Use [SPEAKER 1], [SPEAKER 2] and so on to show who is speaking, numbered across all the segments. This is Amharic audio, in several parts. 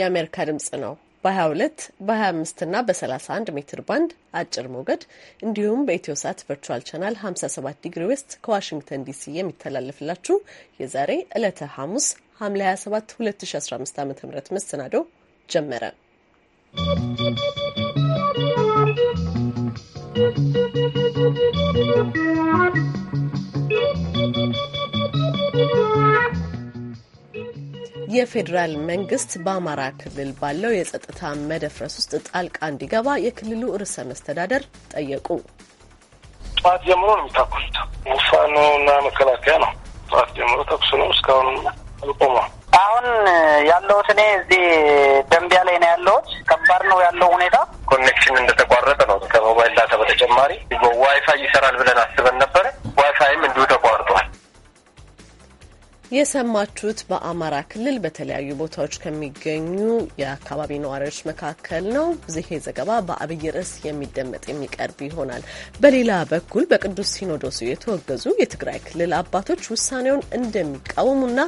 [SPEAKER 1] የአሜሪካ ድምጽ ነው። በ22 በ25 እና በ31 ሜትር ባንድ አጭር ሞገድ እንዲሁም በኢትዮ ሳት ቨርቹዋል ቻናል 57 ዲግሪ ዌስት ከዋሽንግተን ዲሲ የሚተላለፍላችሁ የዛሬ ዕለተ ሐሙስ ሐምሌ 27 2015 ዓ ም መሰናዶ ጀመረ። ¶¶ የፌዴራል መንግስት በአማራ ክልል ባለው የጸጥታ መደፍረስ ውስጥ ጣልቃ እንዲገባ የክልሉ ርዕሰ መስተዳደር ጠየቁ።
[SPEAKER 2] ጠዋት ጀምሮ ነው
[SPEAKER 3] የሚታኩሱት። ውሳኑ እና መከላከያ ነው። ጠዋት ጀምሮ ተኩስ ነው፣ እስካሁን አልቆመም። አሁን ያለሁት እኔ እዚህ ደንቢያ ላይ ነው ያለሁት። ከባድ ነው ያለው
[SPEAKER 1] ሁኔታ።
[SPEAKER 4] ኮኔክሽን እንደተቋረጠ ነው ከሞባይል ዳታ በተጨማሪ ዋይፋይ ይሰራል ብለን አስበን
[SPEAKER 5] ነበረ። ዋይፋይም እንዲሁ
[SPEAKER 1] የሰማችሁት በአማራ ክልል በተለያዩ ቦታዎች ከሚገኙ የአካባቢ ነዋሪዎች መካከል ነው። ይህ ዘገባ በአብይ ርዕስ የሚደመጥ የሚቀርብ ይሆናል። በሌላ በኩል በቅዱስ ሲኖዶሱ የተወገዙ የትግራይ ክልል አባቶች ውሳኔውን እንደሚቃወሙና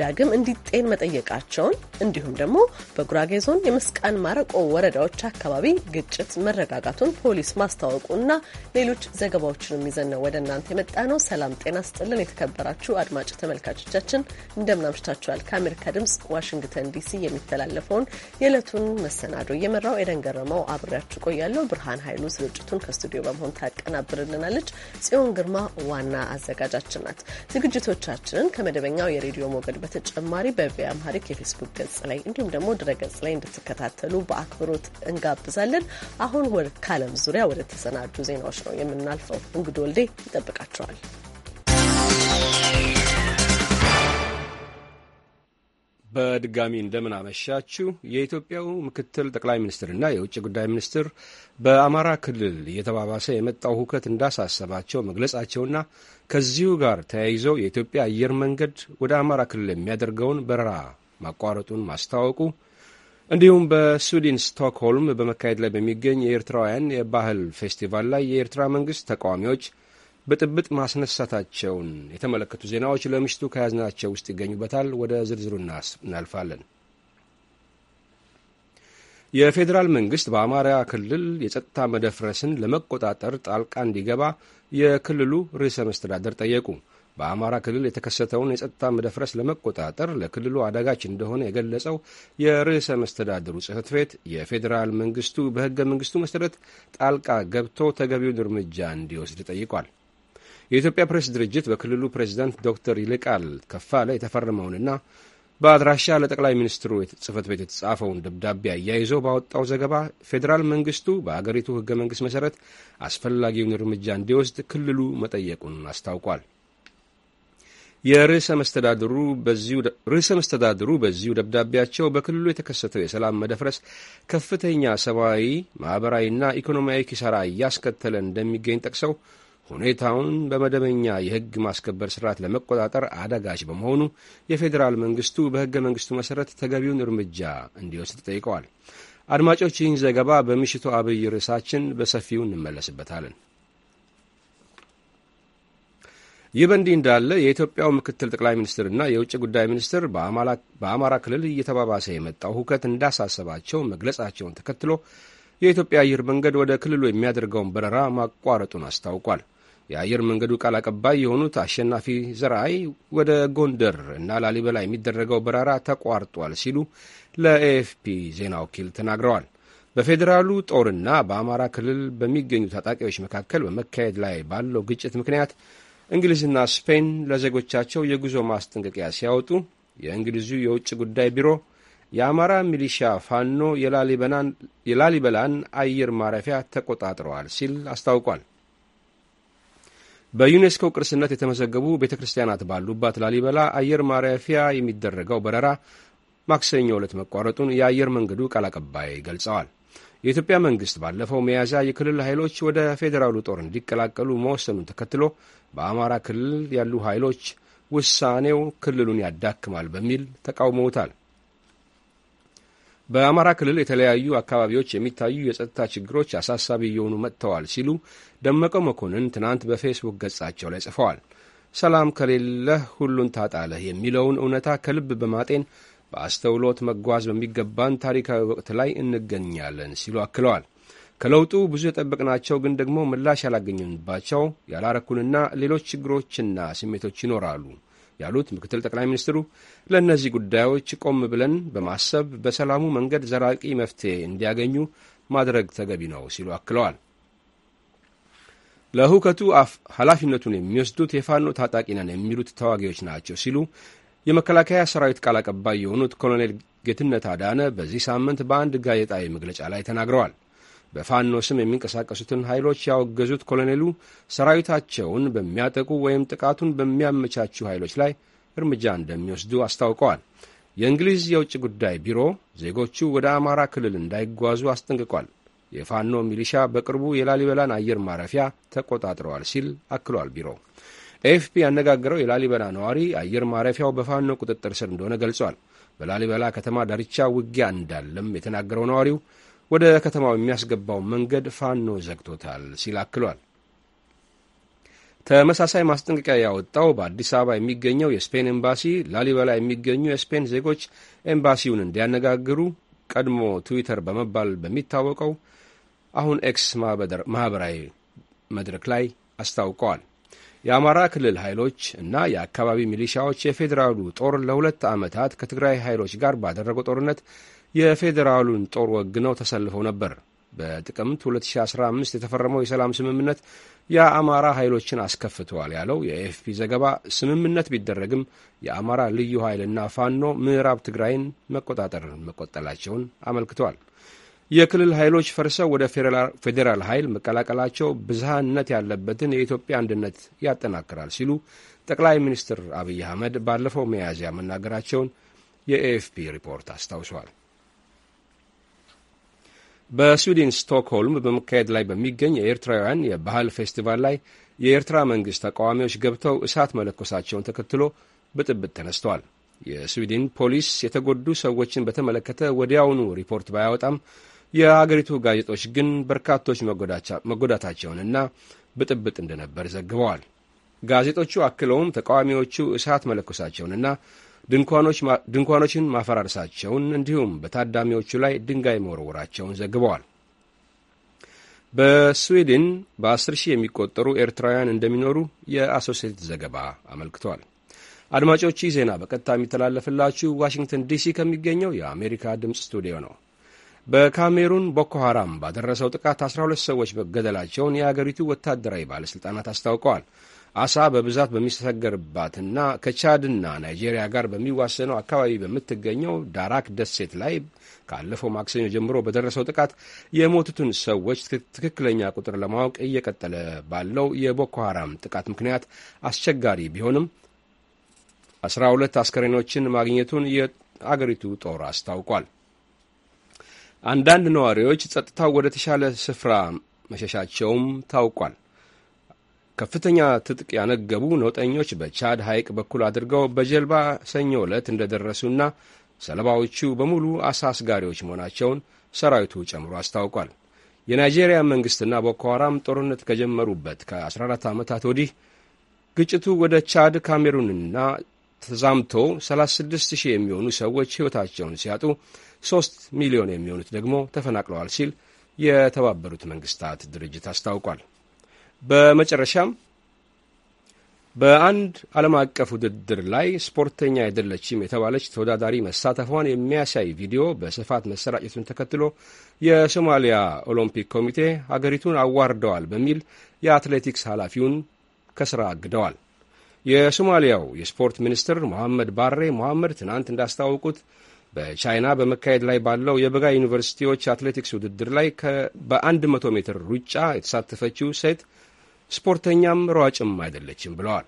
[SPEAKER 1] ዳግም እንዲጤን መጠየቃቸውን እንዲሁም ደግሞ በጉራጌ ዞን የመስቃን ማረቆ ወረዳዎች አካባቢ ግጭት መረጋጋቱን ፖሊስ ማስታወቁና ሌሎች ዘገባዎችንም ይዘን ነው ወደ እናንተ የመጣ ነው። ሰላም ጤና ስጥልን። የተከበራችሁ አድማጭ ተመልካቾቻችን እንደምናምሽታችኋል። ከአሜሪካ ድምጽ ዋሽንግተን ዲሲ የሚተላለፈውን የዕለቱን መሰናዶ እየመራው ኤደን ገረመው አብሬያችሁ ቆያለሁ። ብርሃን ኃይሉ ስርጭቱን ከስቱዲዮ በመሆን ታቀናብርልናለች። ጽዮን ግርማ ዋና አዘጋጃችን ናት። ዝግጅቶቻችንን ከመደበኛው የሬዲዮ ሞገድ በተጨማሪ በቪኦኤ አምሃሪክ የፌስቡክ ገጽ ላይ እንዲሁም ደግሞ ድረ ገጽ ላይ እንድትከታተሉ በአክብሮት እንጋብዛለን። አሁን ካለም ዙሪያ ወደ ተሰናዱ ዜናዎች ነው የምናልፈው። እንግዶ ወልዴ ይጠብቃቸዋል።
[SPEAKER 6] በድጋሚ እንደምናመሻችሁ የኢትዮጵያው ምክትል ጠቅላይ ሚኒስትርና የውጭ ጉዳይ ሚኒስትር በአማራ ክልል እየተባባሰ የመጣው ሁከት እንዳሳሰባቸው መግለጻቸውና ከዚሁ ጋር ተያይዘው የኢትዮጵያ አየር መንገድ ወደ አማራ ክልል የሚያደርገውን በረራ ማቋረጡን ማስታወቁ እንዲሁም በስዊድን ስቶክሆልም በመካሄድ ላይ በሚገኝ የኤርትራውያን የባህል ፌስቲቫል ላይ የኤርትራ መንግስት ተቃዋሚዎች ብጥብጥ ማስነሳታቸውን የተመለከቱ ዜናዎች ለምሽቱ ከያዝናቸው ውስጥ ይገኙበታል። ወደ ዝርዝሩ እናልፋለን። የፌዴራል መንግስት በአማራ ክልል የጸጥታ መደፍረስን ለመቆጣጠር ጣልቃ እንዲገባ የክልሉ ርዕሰ መስተዳደር ጠየቁ። በአማራ ክልል የተከሰተውን የጸጥታ መደፍረስ ለመቆጣጠር ለክልሉ አዳጋች እንደሆነ የገለጸው የርዕሰ መስተዳድሩ ጽህፈት ቤት የፌዴራል መንግስቱ በህገ መንግስቱ መሠረት ጣልቃ ገብቶ ተገቢውን እርምጃ እንዲወስድ ጠይቋል። የኢትዮጵያ ፕሬስ ድርጅት በክልሉ ፕሬዚዳንት ዶክተር ይልቃል ከፋለ የተፈረመውንና በአድራሻ ለጠቅላይ ሚኒስትሩ ጽህፈት ቤት የተጻፈውን ደብዳቤ አያይዞ ባወጣው ዘገባ ፌዴራል መንግስቱ በአገሪቱ ህገ መንግስት መሠረት አስፈላጊውን እርምጃ እንዲወስድ ክልሉ መጠየቁን አስታውቋል። የርዕሰ መስተዳድሩ በዚሁ ደብዳቤያቸው በክልሉ የተከሰተው የሰላም መደፍረስ ከፍተኛ ሰብአዊ፣ ማኅበራዊና ኢኮኖሚያዊ ኪሳራ እያስከተለ እንደሚገኝ ጠቅሰው ሁኔታውን በመደበኛ የሕግ ማስከበር ስርዓት ለመቆጣጠር አዳጋች በመሆኑ የፌዴራል መንግስቱ በሕገ መንግስቱ መሠረት ተገቢውን እርምጃ እንዲወስድ ጠይቀዋል። አድማጮች፣ ይህን ዘገባ በምሽቱ አብይ ርዕሳችን በሰፊው እንመለስበታለን። ይህ በእንዲህ እንዳለ የኢትዮጵያው ምክትል ጠቅላይ ሚኒስትርና የውጭ ጉዳይ ሚኒስትር በአማራ ክልል እየተባባሰ የመጣው ሁከት እንዳሳሰባቸው መግለጻቸውን ተከትሎ የኢትዮጵያ አየር መንገድ ወደ ክልሉ የሚያደርገውን በረራ ማቋረጡን አስታውቋል። የአየር መንገዱ ቃል አቀባይ የሆኑት አሸናፊ ዘርአይ ወደ ጎንደር እና ላሊበላ የሚደረገው በረራ ተቋርጧል ሲሉ ለኤኤፍፒ ዜና ወኪል ተናግረዋል። በፌዴራሉ ጦርና በአማራ ክልል በሚገኙ ታጣቂዎች መካከል በመካሄድ ላይ ባለው ግጭት ምክንያት እንግሊዝና ስፔን ለዜጎቻቸው የጉዞ ማስጠንቀቂያ ሲያወጡ የእንግሊዙ የውጭ ጉዳይ ቢሮ የአማራ ሚሊሻ ፋኖ የላሊበላን አየር ማረፊያ ተቆጣጥረዋል ሲል አስታውቋል። በዩኔስኮ ቅርስነት የተመዘገቡ ቤተ ክርስቲያናት ባሉባት ላሊበላ አየር ማረፊያ የሚደረገው በረራ ማክሰኞ ዕለት መቋረጡን የአየር መንገዱ ቃል አቀባይ ገልጸዋል። የኢትዮጵያ መንግሥት ባለፈው መያዣ የክልል ኃይሎች ወደ ፌዴራሉ ጦር እንዲቀላቀሉ መወሰኑን ተከትሎ በአማራ ክልል ያሉ ኃይሎች ውሳኔው ክልሉን ያዳክማል በሚል ተቃውመውታል። በአማራ ክልል የተለያዩ አካባቢዎች የሚታዩ የጸጥታ ችግሮች አሳሳቢ እየሆኑ መጥተዋል ሲሉ ደመቀ መኮንን ትናንት በፌስቡክ ገጻቸው ላይ ጽፈዋል። ሰላም ከሌለህ ሁሉን ታጣለህ የሚለውን እውነታ ከልብ በማጤን በአስተውሎት መጓዝ በሚገባን ታሪካዊ ወቅት ላይ እንገኛለን ሲሉ አክለዋል። ከለውጡ ብዙ የጠበቅናቸው ግን ደግሞ ምላሽ ያላገኘንባቸው ያላረኩንና ሌሎች ችግሮችና ስሜቶች ይኖራሉ ያሉት ምክትል ጠቅላይ ሚኒስትሩ ለእነዚህ ጉዳዮች ቆም ብለን በማሰብ በሰላሙ መንገድ ዘላቂ መፍትሄ እንዲያገኙ ማድረግ ተገቢ ነው ሲሉ አክለዋል። ለሁከቱ ኃላፊነቱን የሚወስዱት የፋኖ ታጣቂ ነን የሚሉት ተዋጊዎች ናቸው ሲሉ የመከላከያ ሰራዊት ቃል አቀባይ የሆኑት ኮሎኔል ጌትነት አዳነ በዚህ ሳምንት በአንድ ጋዜጣዊ መግለጫ ላይ ተናግረዋል። በፋኖ ስም የሚንቀሳቀሱትን ኃይሎች ያወገዙት ኮሎኔሉ ሰራዊታቸውን በሚያጠቁ ወይም ጥቃቱን በሚያመቻቹ ኃይሎች ላይ እርምጃ እንደሚወስዱ አስታውቀዋል። የእንግሊዝ የውጭ ጉዳይ ቢሮ ዜጎቹ ወደ አማራ ክልል እንዳይጓዙ አስጠንቅቋል። የፋኖ ሚሊሻ በቅርቡ የላሊበላን አየር ማረፊያ ተቆጣጥረዋል ሲል አክሏል ቢሮው። ኤኤፍፒ ያነጋገረው የላሊበላ ነዋሪ አየር ማረፊያው በፋኖ ቁጥጥር ስር እንደሆነ ገልጿል። በላሊበላ ከተማ ዳርቻ ውጊያ እንዳለም የተናገረው ነዋሪው ወደ ከተማው የሚያስገባው መንገድ ፋኖ ዘግቶታል ሲል አክሏል። ተመሳሳይ ማስጠንቀቂያ ያወጣው በአዲስ አበባ የሚገኘው የስፔን ኤምባሲ ላሊበላ የሚገኙ የስፔን ዜጎች ኤምባሲውን እንዲያነጋግሩ ቀድሞ ትዊተር በመባል በሚታወቀው አሁን ኤክስ ማህበራዊ መድረክ ላይ አስታውቀዋል። የአማራ ክልል ኃይሎች እና የአካባቢ ሚሊሻዎች የፌዴራሉ ጦር ለሁለት ዓመታት ከትግራይ ኃይሎች ጋር ባደረገው ጦርነት የፌዴራሉን ጦር ወግነው ተሰልፈው ነበር። በጥቅምት 2015 የተፈረመው የሰላም ስምምነት የአማራ ኃይሎችን አስከፍተዋል ያለው የኤፍፒ ዘገባ ስምምነት ቢደረግም የአማራ ልዩ ኃይልና ፋኖ ምዕራብ ትግራይን መቆጣጠር መቆጠላቸውን አመልክተዋል። የክልል ኃይሎች ፈርሰው ወደ ፌዴራል ኃይል መቀላቀላቸው ብዝሃነት ያለበትን የኢትዮጵያ አንድነት ያጠናክራል ሲሉ ጠቅላይ ሚኒስትር አብይ አህመድ ባለፈው መያዝያ መናገራቸውን የኤኤፍፒ ሪፖርት አስታውሷል። በስዊድን ስቶክሆልም በመካሄድ ላይ በሚገኝ የኤርትራውያን የባህል ፌስቲቫል ላይ የኤርትራ መንግሥት ተቃዋሚዎች ገብተው እሳት መለኮሳቸውን ተከትሎ ብጥብጥ ተነስተዋል። የስዊድን ፖሊስ የተጎዱ ሰዎችን በተመለከተ ወዲያውኑ ሪፖርት ባያወጣም የአገሪቱ ጋዜጦች ግን በርካቶች መጎዳታቸውንና ብጥብጥ እንደነበር ዘግበዋል። ጋዜጦቹ አክለውም ተቃዋሚዎቹ እሳት መለኮሳቸውንና ድንኳኖችን ማፈራረሳቸውን እንዲሁም በታዳሚዎቹ ላይ ድንጋይ መወርወራቸውን ዘግበዋል። በስዊድን በ10 ሺህ የሚቆጠሩ ኤርትራውያን እንደሚኖሩ የአሶሴት ዘገባ አመልክቷል። አድማጮች ይህ ዜና በቀጥታ የሚተላለፍላችሁ ዋሽንግተን ዲሲ ከሚገኘው የአሜሪካ ድምፅ ስቱዲዮ ነው። በካሜሩን ቦኮ ሐራም ባደረሰው ጥቃት 12 ሰዎች መገደላቸውን የአገሪቱ ወታደራዊ ባለሥልጣናት አስታውቀዋል። አሳ በብዛት በሚሰገርባትና ከቻድና ናይጄሪያ ጋር በሚዋሰነው አካባቢ በምትገኘው ዳራክ ደሴት ላይ ካለፈው ማክሰኞ ጀምሮ በደረሰው ጥቃት የሞቱትን ሰዎች ትክክለኛ ቁጥር ለማወቅ እየቀጠለ ባለው የቦኮ ሀራም ጥቃት ምክንያት አስቸጋሪ ቢሆንም አስራ ሁለት አስከሬኖችን ማግኘቱን የአገሪቱ ጦር አስታውቋል። አንዳንድ ነዋሪዎች ጸጥታው ወደ ተሻለ ስፍራ መሸሻቸውም ታውቋል። ከፍተኛ ትጥቅ ያነገቡ ነውጠኞች በቻድ ሐይቅ በኩል አድርገው በጀልባ ሰኞ ዕለት እንደደረሱና ሰለባዎቹ በሙሉ አሳ አስጋሪዎች መሆናቸውን ሰራዊቱ ጨምሮ አስታውቋል። የናይጄሪያ መንግሥትና ቦኮ ሐራም ጦርነት ከጀመሩበት ከ14 ዓመታት ወዲህ ግጭቱ ወደ ቻድ፣ ካሜሩንና ተዛምቶ 36 የሚሆኑ ሰዎች ሕይወታቸውን ሲያጡ 3 ሚሊዮን የሚሆኑት ደግሞ ተፈናቅለዋል ሲል የተባበሩት መንግሥታት ድርጅት አስታውቋል። በመጨረሻም በአንድ ዓለም አቀፍ ውድድር ላይ ስፖርተኛ አይደለችም የተባለች ተወዳዳሪ መሳተፏን የሚያሳይ ቪዲዮ በስፋት መሰራጨቱን ተከትሎ የሶማሊያ ኦሎምፒክ ኮሚቴ አገሪቱን አዋርደዋል በሚል የአትሌቲክስ ኃላፊውን ከስራ አግደዋል። የሶማሊያው የስፖርት ሚኒስትር መሐመድ ባሬ መሐመድ ትናንት እንዳስታወቁት በቻይና በመካሄድ ላይ ባለው የበጋ ዩኒቨርሲቲዎች አትሌቲክስ ውድድር ላይ በ100 ሜትር ሩጫ የተሳተፈችው ሴት ስፖርተኛም ሯጭም አይደለችም ብለዋል።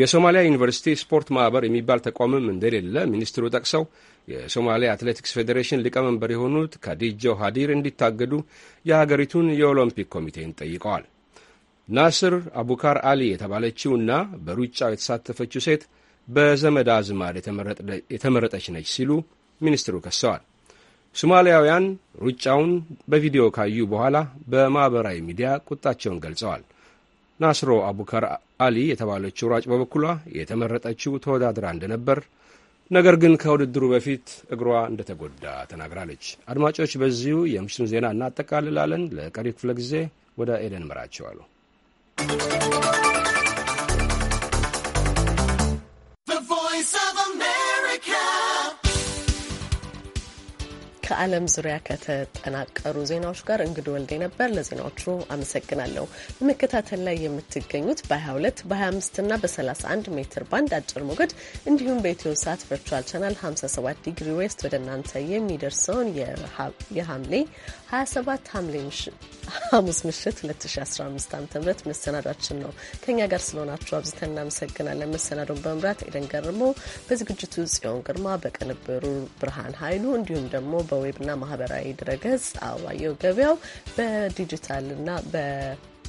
[SPEAKER 6] የሶማሊያ ዩኒቨርሲቲ ስፖርት ማህበር የሚባል ተቋምም እንደሌለ ሚኒስትሩ ጠቅሰው የሶማሊያ አትሌቲክስ ፌዴሬሽን ሊቀመንበር የሆኑት ካዲጆ ሀዲር እንዲታገዱ የሀገሪቱን የኦሎምፒክ ኮሚቴን ጠይቀዋል። ናስር አቡካር አሊ የተባለችውና በሩጫው የተሳተፈችው ሴት በዘመድ አዝማድ የተመረጠች ነች ሲሉ ሚኒስትሩ ከሰዋል። ሶማሊያውያን ሩጫውን በቪዲዮ ካዩ በኋላ በማኅበራዊ ሚዲያ ቁጣቸውን ገልጸዋል። ናስሮ አቡከር አሊ የተባለችው ሯጭ በበኩሏ የተመረጠችው ተወዳድራ እንደነበር ነገር ግን ከውድድሩ በፊት እግሯ እንደተጎዳ ተናግራለች። አድማጮች፣ በዚሁ የምሽቱን ዜና እናጠቃልላለን። ለቀሪ ክፍለ ጊዜ ወደ ኤደን መራቸዋለሁ።
[SPEAKER 1] ከዓለም ዙሪያ ከተጠናቀሩ ዜናዎች ጋር እንግድ ወልዴ ነበር። ለዜናዎቹ አመሰግናለሁ። በመከታተል ላይ የምትገኙት በ22 በ25 እና በ31 ሜትር ባንድ አጭር ሞገድ እንዲሁም በኢትዮ ሳት ቨርቹዋል ቻናል 57 ዲግሪ ዌስት ወደ እናንተ የሚደርሰውን የሐምሌ 27 ሐምሌ ሐሙስ ምሽት 2015 ዓ ም መሰናዷችን ነው። ከእኛ ጋር ስለሆናችሁ አብዝተን እናመሰግናለን። መሰናዶን በመምራት ኤደን ገርሞ፣ በዝግጅቱ ጽዮን ግርማ፣ በቅንብሩ ብርሃን ኃይሉ እንዲሁም ደግሞ በዌብና ማህበራዊ ድረገጽ አበባየው ገበያው፣ በዲጂታልና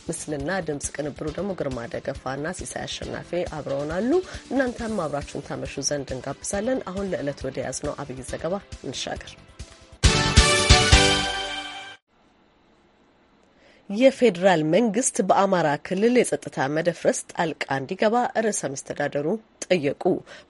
[SPEAKER 1] ምስልና ድምጽ ቅንብሩ ደግሞ ግርማ ደገፋና ሲሳይ አሸናፊ አብረውናሉ። እናንተም አብራችሁን ታመሹ ዘንድ እንጋብዛለን። አሁን ለዕለት ወደ ያዝነው አብይ ዘገባ እንሻገር። የፌዴራል መንግስት በአማራ ክልል የጸጥታ መደፍረስ ጣልቃ እንዲገባ ርዕሰ መስተዳደሩ ጠየቁ።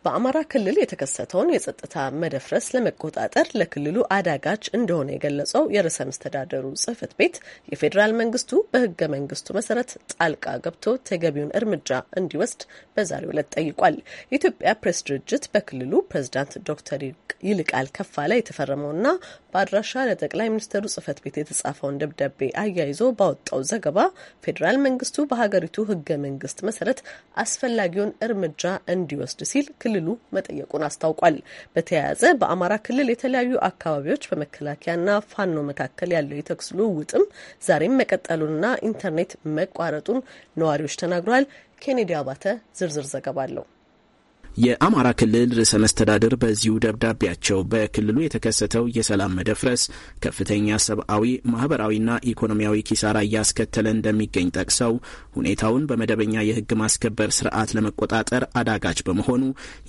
[SPEAKER 1] በአማራ ክልል የተከሰተውን የጸጥታ መደፍረስ ለመቆጣጠር ለክልሉ አዳጋች እንደሆነ የገለጸው የርዕሰ መስተዳደሩ ጽህፈት ቤት የፌዴራል መንግስቱ በህገ መንግስቱ መሰረት ጣልቃ ገብቶ ተገቢውን እርምጃ እንዲወስድ በዛሬው ዕለት ጠይቋል። የኢትዮጵያ ፕሬስ ድርጅት በክልሉ ፕሬዚዳንት ዶክተር ይልቃል ከፋለ የተፈረመውና በአድራሻ ለጠቅላይ ሚኒስትሩ ጽህፈት ቤት የተጻፈውን ደብዳቤ አያይዞ ባወጣው ዘገባ ፌዴራል መንግስቱ በሀገሪቱ ህገ መንግስት መሰረት አስፈላጊውን እርምጃ እንዲወስድ ሲል ክልሉ መጠየቁን አስታውቋል። በተያያዘ በአማራ ክልል የተለያዩ አካባቢዎች በመከላከያና ፋኖ መካከል ያለው የተኩስ ልውውጥም ዛሬም መቀጠሉንና ኢንተርኔት መቋረጡን ነዋሪዎች ተናግረዋል። ኬኔዲ አባተ ዝርዝር ዘገባ አለው።
[SPEAKER 7] የአማራ ክልል ርዕሰ መስተዳድር በዚሁ ደብዳቤያቸው በክልሉ የተከሰተው የሰላም መደፍረስ ከፍተኛ ሰብአዊ፣ ማህበራዊና ኢኮኖሚያዊ ኪሳራ እያስከተለ እንደሚገኝ ጠቅሰው ሁኔታውን በመደበኛ የህግ ማስከበር ስርዓት ለመቆጣጠር አዳጋች በመሆኑ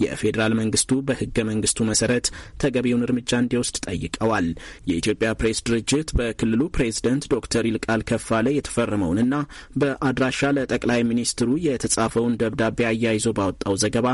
[SPEAKER 7] የፌዴራል መንግስቱ በህገ መንግስቱ መሰረት ተገቢውን እርምጃ እንዲወስድ ጠይቀዋል። የኢትዮጵያ ፕሬስ ድርጅት በክልሉ ፕሬዝደንት ዶክተር ይልቃል ከፋለ የተፈረመውንና በአድራሻ ለጠቅላይ ሚኒስትሩ የተጻፈውን ደብዳቤ አያይዞ ባወጣው ዘገባ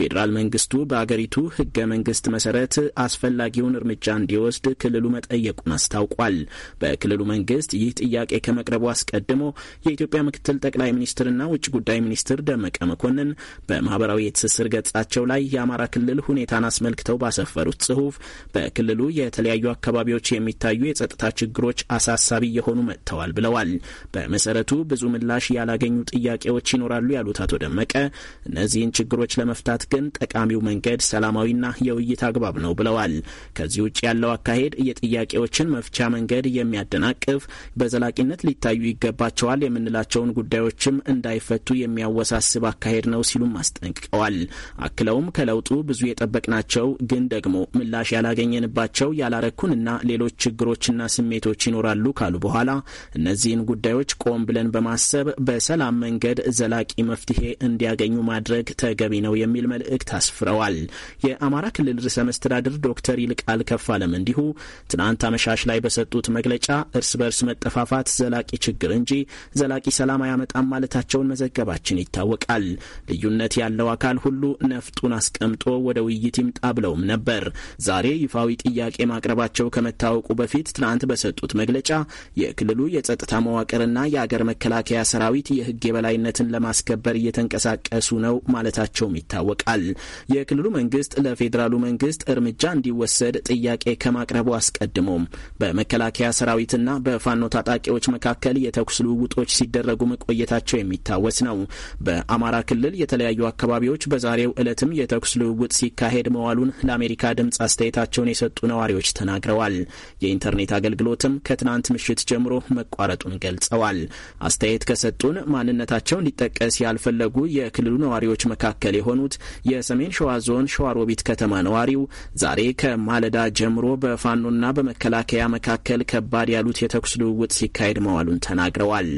[SPEAKER 7] ፌዴራል መንግስቱ በአገሪቱ ህገ መንግስት መሰረት አስፈላጊውን እርምጃ እንዲወስድ ክልሉ መጠየቁን አስታውቋል። በክልሉ መንግስት ይህ ጥያቄ ከመቅረቡ አስቀድሞ የኢትዮጵያ ምክትል ጠቅላይ ሚኒስትርና ውጭ ጉዳይ ሚኒስትር ደመቀ መኮንን በማህበራዊ የትስስር ገጻቸው ላይ የአማራ ክልል ሁኔታን አስመልክተው ባሰፈሩት ጽሁፍ በክልሉ የተለያዩ አካባቢዎች የሚታዩ የጸጥታ ችግሮች አሳሳቢ የሆኑ መጥተዋል ብለዋል። በመሰረቱ ብዙ ምላሽ ያላገኙ ጥያቄዎች ይኖራሉ ያሉት አቶ ደመቀ እነዚህን ችግሮች ለመፍታት ግን ጠቃሚው መንገድ ሰላማዊና የውይይት አግባብ ነው ብለዋል። ከዚህ ውጭ ያለው አካሄድ የጥያቄዎችን መፍቻ መንገድ የሚያደናቅፍ በዘላቂነት ሊታዩ ይገባቸዋል የምንላቸውን ጉዳዮችም እንዳይፈቱ የሚያወሳስብ አካሄድ ነው ሲሉም አስጠንቅቀዋል። አክለውም ከለውጡ ብዙ የጠበቅናቸው ግን ደግሞ ምላሽ ያላገኘንባቸው ያላረኩንና ሌሎች ችግሮችና ስሜቶች ይኖራሉ ካሉ በኋላ እነዚህን ጉዳዮች ቆም ብለን በማሰብ በሰላም መንገድ ዘላቂ መፍትሄ እንዲያገኙ ማድረግ ተገቢ ነው የሚል መልእክት አስፍረዋል። የአማራ ክልል ርዕሰ መስተዳድር ዶክተር ይልቃል ከፋለም እንዲሁ ትናንት አመሻሽ ላይ በሰጡት መግለጫ እርስ በርስ መጠፋፋት ዘላቂ ችግር እንጂ ዘላቂ ሰላም አያመጣም ማለታቸውን መዘገባችን ይታወቃል። ልዩነት ያለው አካል ሁሉ ነፍጡን አስቀምጦ ወደ ውይይት ይምጣ ብለውም ነበር። ዛሬ ይፋዊ ጥያቄ ማቅረባቸው ከመታወቁ በፊት ትናንት በሰጡት መግለጫ የክልሉ የጸጥታ መዋቅርና የአገር መከላከያ ሰራዊት የህግ የበላይነትን ለማስከበር እየተንቀሳቀሱ ነው ማለታቸውም ይታወቃል። ይጠበቃል። የክልሉ መንግስት ለፌዴራሉ መንግስት እርምጃ እንዲወሰድ ጥያቄ ከማቅረቡ አስቀድሞም በመከላከያ ሰራዊትና በፋኖ ታጣቂዎች መካከል የተኩስ ልውውጦች ሲደረጉ መቆየታቸው የሚታወስ ነው። በአማራ ክልል የተለያዩ አካባቢዎች በዛሬው ዕለትም የተኩስ ልውውጥ ሲካሄድ መዋሉን ለአሜሪካ ድምፅ አስተያየታቸውን የሰጡ ነዋሪዎች ተናግረዋል። የኢንተርኔት አገልግሎትም ከትናንት ምሽት ጀምሮ መቋረጡን ገልጸዋል። አስተያየት ከሰጡን ማንነታቸው እንዲጠቀስ ያልፈለጉ የክልሉ ነዋሪዎች መካከል የሆኑት የሰሜን ሸዋ ዞን ሸዋሮቢት ከተማ ነዋሪው ዛሬ ከማለዳ ጀምሮ በፋኖና በመከላከያ መካከል ከባድ ያሉት የተኩስ ልውውጥ ሲካሄድ መዋሉን ተናግረዋል።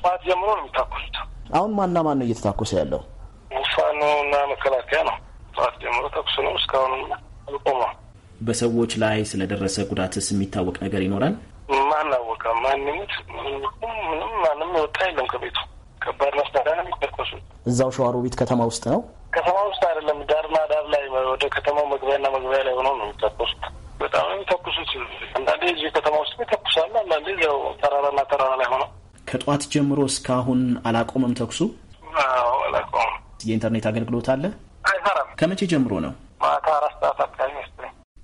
[SPEAKER 3] ጠዋት ጀምሮ ነው የሚታኮሱት።
[SPEAKER 7] አሁን ማና ማን ነው እየተታኮሰ ያለው?
[SPEAKER 3] ፋኖና መከላከያ ነው። ጠዋት ጀምሮ ተኩስ ነው፣ እስካሁን አልቆመም።
[SPEAKER 7] በሰዎች ላይ ስለደረሰ ጉዳትስ የሚታወቅ ነገር ይኖራል?
[SPEAKER 3] ማናወቀ አወቀ? ማን ምንም ማንም የወጣ የለም
[SPEAKER 7] ከቤቱ። ከባድ መሳሪያ ነው የሚተኮሱት። እዛው ሸዋሮቢት ከተማ ውስጥ ነው
[SPEAKER 3] ከተማው መግቢያና መግቢያ ላይ ሆነው ነው የሚተኮሱት። በጣም የሚተኩሱ የሚተኩሱት። አንዳንዴ እዚህ ከተማ ውስጥ ይተኩሳሉ፣ አንዳንዴ ያው ተራራና ተራራ ላይ ሆነው
[SPEAKER 7] ከጠዋት ጀምሮ እስካሁን አላቆመም ተኩሱ። አላቆመም። የኢንተርኔት አገልግሎት አለ አይሰራም። ከመቼ ጀምሮ ነው? ማታ አራት ሰዓት አካባቢ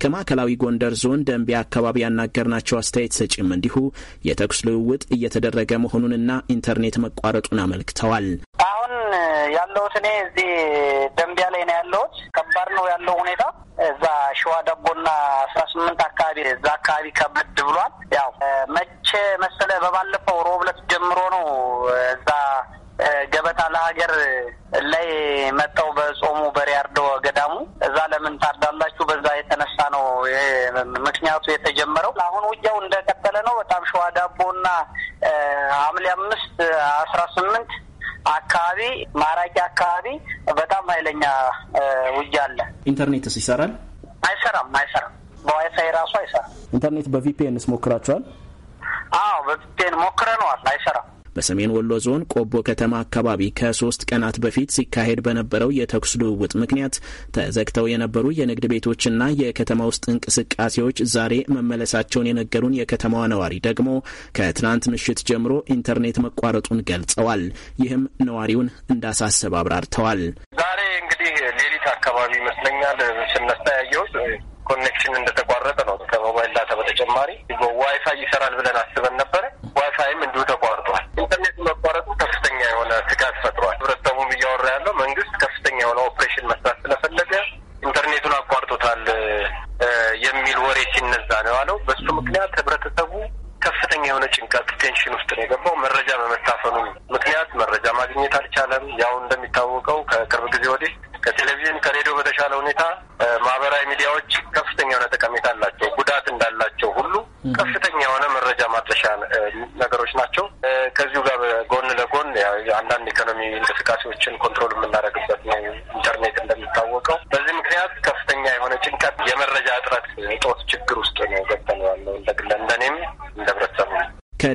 [SPEAKER 7] ከማዕከላዊ ጎንደር ዞን ደንቢያ አካባቢ ያናገርናቸው አስተያየት ሰጪም እንዲሁ የተኩስ ልውውጥ እየተደረገ መሆኑንና ኢንተርኔት መቋረጡን አመልክተዋል።
[SPEAKER 8] ያለሁት እኔ እዚህ ደንቢያ ላይ ነው ያለሁት። ከባድ ነው ያለው ሁኔታ እዛ ሸዋ ዳቦና አስራ ስምንት አካባቢ እዛ አካባቢ ከበድ ብሏል። ያው መቼ መሰለ በባለፈው ሮብለት ጀምሮ ነው እዛ ገበታ ለሀገር ላይ መጠው በጾሙ በሬ አርደው ገዳሙ እዛ ለምን ታርዳላችሁ? በዛ የተነሳ ነው ምክንያቱ የተጀመረው። አሁን ውጊያው እንደቀጠለ ነው። በጣም ሸዋ ዳቦና ሐምሌ አምስት አስራ ስምንት
[SPEAKER 7] አካባቢ ማራኪ አካባቢ በጣም ኃይለኛ ውጊያ አለ። ኢንተርኔትስ ይሰራል?
[SPEAKER 8] አይሰራም፣ አይሰራም። በዋይፋይ ራሱ አይሰራም።
[SPEAKER 7] ኢንተርኔት በቪፒኤንስ ሞክራችኋል?
[SPEAKER 8] አዎ፣ በቪፒኤን ሞክረነዋል፣
[SPEAKER 7] አይሰራም። በሰሜን ወሎ ዞን ቆቦ ከተማ አካባቢ ከሶስት ቀናት በፊት ሲካሄድ በነበረው የተኩስ ልውውጥ ምክንያት ተዘግተው የነበሩ የንግድ ቤቶችና የከተማ ውስጥ እንቅስቃሴዎች ዛሬ መመለሳቸውን የነገሩን የከተማዋ ነዋሪ ደግሞ ከትናንት ምሽት ጀምሮ ኢንተርኔት መቋረጡን ገልጸዋል። ይህም ነዋሪውን እንዳሳሰብ አብራርተዋል። ዛሬ
[SPEAKER 3] እንግዲህ ሌሊት አካባቢ ይመስለኛል ስነሳ
[SPEAKER 4] ያየሁት ኮኔክሽን እንደተቋረጠ ነው። ከሞባይል ዳታ በተጨማሪ ዋይፋይ ይሰራል ብለን አስበን ነበረ። ዋይፋይም እንዲሁ attention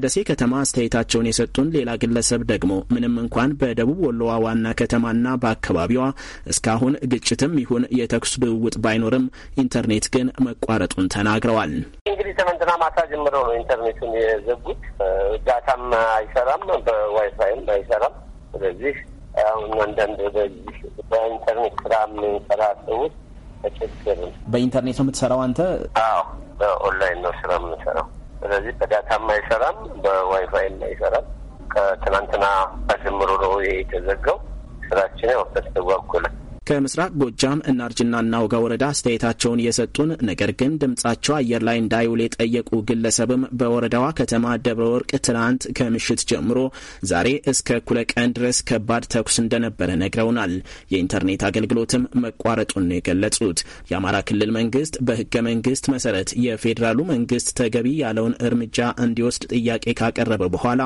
[SPEAKER 7] ከደሴ ከተማ አስተያየታቸውን የሰጡን ሌላ ግለሰብ ደግሞ ምንም እንኳን በደቡብ ወሎዋ ዋና ከተማና በአካባቢዋ እስካሁን ግጭትም ይሁን የተኩስ ልውውጥ ባይኖርም ኢንተርኔት ግን መቋረጡን ተናግረዋል።
[SPEAKER 9] እንግዲህ ትናንትና ማታ ጀምሮ ነው ኢንተርኔቱን የዘጉት። ዳታም አይሰራም፣ በዋይፋይም አይሰራም። ስለዚህ አሁን አንዳንድ በዚህ በኢንተርኔት ስራ የምንሰራ ሰዎች ተቸግር።
[SPEAKER 7] በኢንተርኔት ነው የምትሰራው አንተ?
[SPEAKER 9] አዎ፣ በኦንላይን ነው ስራ የምንሰራው። ስለዚህ በዳታም አይሰራም
[SPEAKER 7] ከምስራቅ ጎጃም እናርጅና እናውጋ ወረዳ አስተያየታቸውን የሰጡን ነገር ግን ድምጻቸው አየር ላይ እንዳይውል የጠየቁ ግለሰብም በወረዳዋ ከተማ ደብረ ወርቅ ትናንት ከምሽት ጀምሮ ዛሬ እስከ እኩለ ቀን ድረስ ከባድ ተኩስ እንደነበረ ነግረውናል። የኢንተርኔት አገልግሎትም መቋረጡን ነው የገለጹት። የአማራ ክልል መንግስት በህገ መንግስት መሰረት የፌዴራሉ መንግስት ተገቢ ያለውን እርምጃ እንዲወስድ ጥያቄ ካቀረበ በኋላ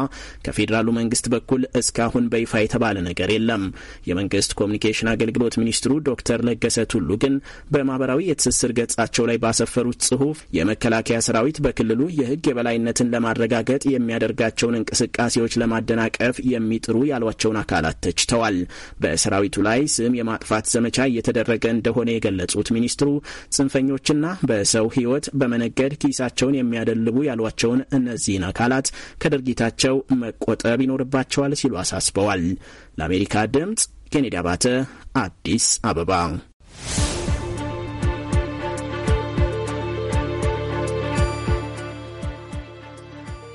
[SPEAKER 7] ከፌዴራሉ መንግስት በኩል እስካሁን በይፋ የተባለ ነገር የለም። የመንግስት ኮሚኒኬሽን አገልግሎት ሚኒስ ሚኒስትሩ ዶክተር ለገሰ ቱሉ ግን በማህበራዊ የትስስር ገጻቸው ላይ ባሰፈሩት ጽሁፍ የመከላከያ ሰራዊት በክልሉ የህግ የበላይነትን ለማረጋገጥ የሚያደርጋቸውን እንቅስቃሴዎች ለማደናቀፍ የሚጥሩ ያሏቸውን አካላት ተችተዋል። በሰራዊቱ ላይ ስም የማጥፋት ዘመቻ እየተደረገ እንደሆነ የገለጹት ሚኒስትሩ ጽንፈኞችና በሰው ህይወት በመነገድ ኪሳቸውን የሚያደልቡ ያሏቸውን እነዚህን አካላት ከድርጊታቸው መቆጠብ ይኖርባቸዋል ሲሉ አሳስበዋል። ለአሜሪካ ድምጽ ኬኔዲ አባተ አዲስ አበባ።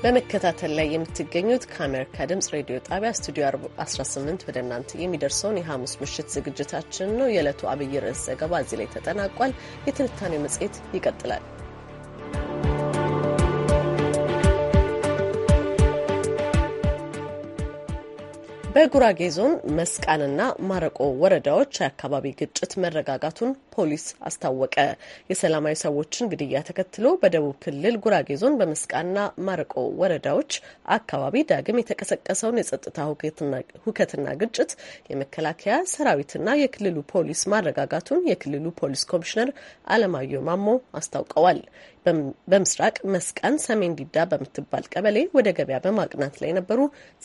[SPEAKER 1] በመከታተል ላይ የምትገኙት ከአሜሪካ ድምጽ ሬዲዮ ጣቢያ ስቱዲዮ 18 ወደ እናንተ የሚደርሰውን የሐሙስ ምሽት ዝግጅታችን ነው። የዕለቱ አብይ ርዕስ ዘገባ እዚህ ላይ ተጠናቋል። የትንታኔው መጽሔት ይቀጥላል። በጉራጌ ዞን መስቃንና ማረቆ ወረዳዎች የአካባቢ ግጭት መረጋጋቱን ፖሊስ አስታወቀ። የሰላማዊ ሰዎችን ግድያ ተከትሎ በደቡብ ክልል ጉራጌ ዞን በመስቃንና ማረቆ ወረዳዎች አካባቢ ዳግም የተቀሰቀሰውን የጸጥታ ሁከትና ግጭት የመከላከያ ሰራዊትና የክልሉ ፖሊስ ማረጋጋቱን የክልሉ ፖሊስ ኮሚሽነር አለማየሁ ማሞ አስታውቀዋል። በምስራቅ መስቀን ሰሜን ዲዳ በምትባል ቀበሌ ወደ ገበያ በማቅናት ላይ የነበሩ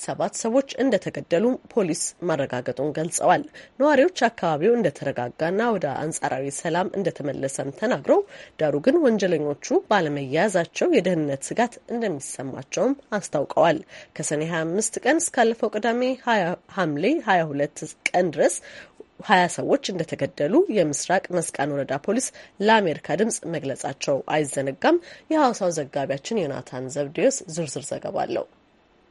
[SPEAKER 1] ሰባት ሰዎች እንደተገደሉ ፖሊስ ማረጋገጡን ገልጸዋል። ነዋሪዎች አካባቢው እንደተረጋጋና ወደ አንጻራዊ ሰላም እንደተመለሰም ተናግረው ዳሩ ግን ወንጀለኞቹ ባለመያያዛቸው የደህንነት ስጋት እንደሚሰማቸውም አስታውቀዋል። ከሰኔ 25 ቀን እስካለፈው ቅዳሜ ሐምሌ 22 ቀን ድረስ ሀያ ሰዎች እንደተገደሉ የምስራቅ መስቃን ወረዳ ፖሊስ ለአሜሪካ ድምጽ መግለጻቸው አይዘነጋም። የሐዋሳው ዘጋቢያችን ዮናታን ዘብዴዎስ ዝርዝር ዘገባ አለው።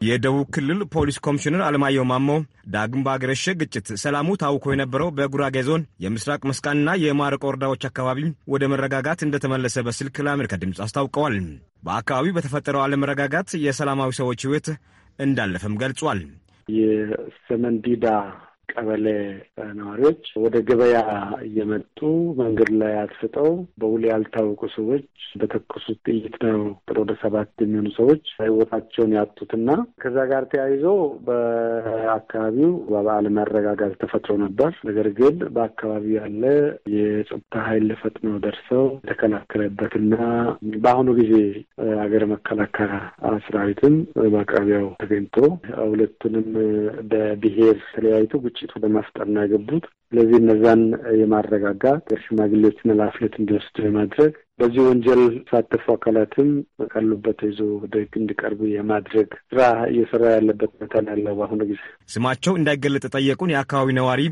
[SPEAKER 10] የደቡብ ክልል ፖሊስ ኮሚሽነር አለማየሁ ማሞ ዳግም በአገረሸ ግጭት ሰላሙ ታውኮ የነበረው በጉራጌ ዞን የምስራቅ መስቃንና የማረቆ ወረዳዎች አካባቢ ወደ መረጋጋት እንደተመለሰ በስልክ ለአሜሪካ ድምፅ አስታውቀዋል። በአካባቢው በተፈጠረው አለመረጋጋት የሰላማዊ ሰዎች ሕይወት እንዳለፈም ገልጿል።
[SPEAKER 5] የሰመንዲዳ ቀበሌ ነዋሪዎች ወደ ገበያ እየመጡ መንገድ ላይ አድፍጠው በውል ያልታወቁ ሰዎች በተኮሱት ጥይት ነው ወደ ሰባት የሚሆኑ ሰዎች ህይወታቸውን ያጡትና ከዛ ጋር ተያይዞ በአካባቢው መረጋጋት ተፈጥሮ ነበር። ነገር ግን በአካባቢው ያለ የጸጥታ ኃይል ፈጥነው ደርሰው የተከላከለበትና በአሁኑ ጊዜ ሀገር መከላከያ ሰራዊትም በአቅራቢያው ተገኝቶ ሁለቱንም በብሄር ተለያይቶ ግጭቱ ለመፍጠር ነው የገቡት። ስለዚህ እነዛን የማረጋጋት ሽማግሌዎችን ኃላፊነት እንዲወስዱ የማድረግ በዚህ ወንጀል ሳተፉ አካላትም ካሉበት ይዞ ወደ ሕግ እንዲቀርቡ የማድረግ ስራ እየሰራ ያለበት ሁኔታ ነው ያለው። በአሁኑ ጊዜ
[SPEAKER 10] ስማቸው እንዳይገለጥ ጠየቁን የአካባቢ ነዋሪ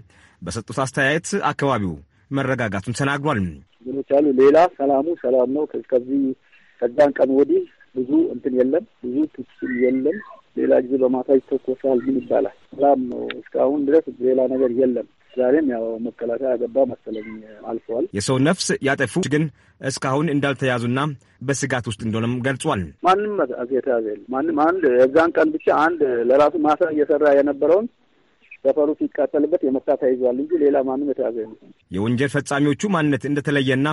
[SPEAKER 10] በሰጡት አስተያየት አካባቢው መረጋጋቱን ተናግሯል።
[SPEAKER 5] ምንቻሉ ሌላ ሰላሙ ሰላም ነው። ከዚህ ከዛን ቀን ወዲህ ብዙ እንትን የለም፣ ብዙ ትችል የለም። ሌላ ጊዜ በማታ ይተኮሳል። ምን ይባላል? ሰላም ነው እስካሁን ድረስ ሌላ ነገር የለም። ዛሬም ያው መከላከያ ገባ መሰለኝ አልፈዋል።
[SPEAKER 10] የሰው ነፍስ ያጠፉ ግን እስካሁን እንዳልተያዙና በስጋት ውስጥ እንደሆነም ገልጿል።
[SPEAKER 5] ማንም የተያዘ የለም። ማንም አንድ የዛን ቀን ብቻ አንድ ለራሱ ማሳ እየሰራ የነበረውን ሰፈሩ ሲቃጠልበት የመታ ተይዟል እንጂ ሌላ ማንም የተያዘ የለም።
[SPEAKER 10] የወንጀል ፈጻሚዎቹ ማንነት እንደተለየና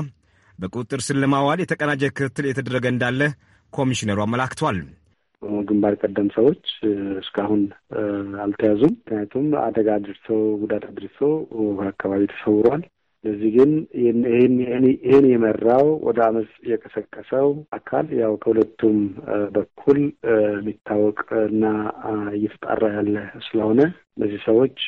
[SPEAKER 10] በቁጥጥር ስር ለማዋል የተቀናጀ ክትትል የተደረገ እንዳለ ኮሚሽነሩ አመላክቷል።
[SPEAKER 5] ግንባር ቀደም ሰዎች እስካሁን አልተያዙም። ምክንያቱም አደጋ አድርሰው ጉዳት አድርሰው አካባቢ ተሰውሯል። ስለዚህ ግን ይህን የመራው ወደ አመፅ የቀሰቀሰው አካል ያው ከሁለቱም በኩል የሚታወቅ እና እየተጣራ ያለ ስለሆነ እነዚህ ሰዎች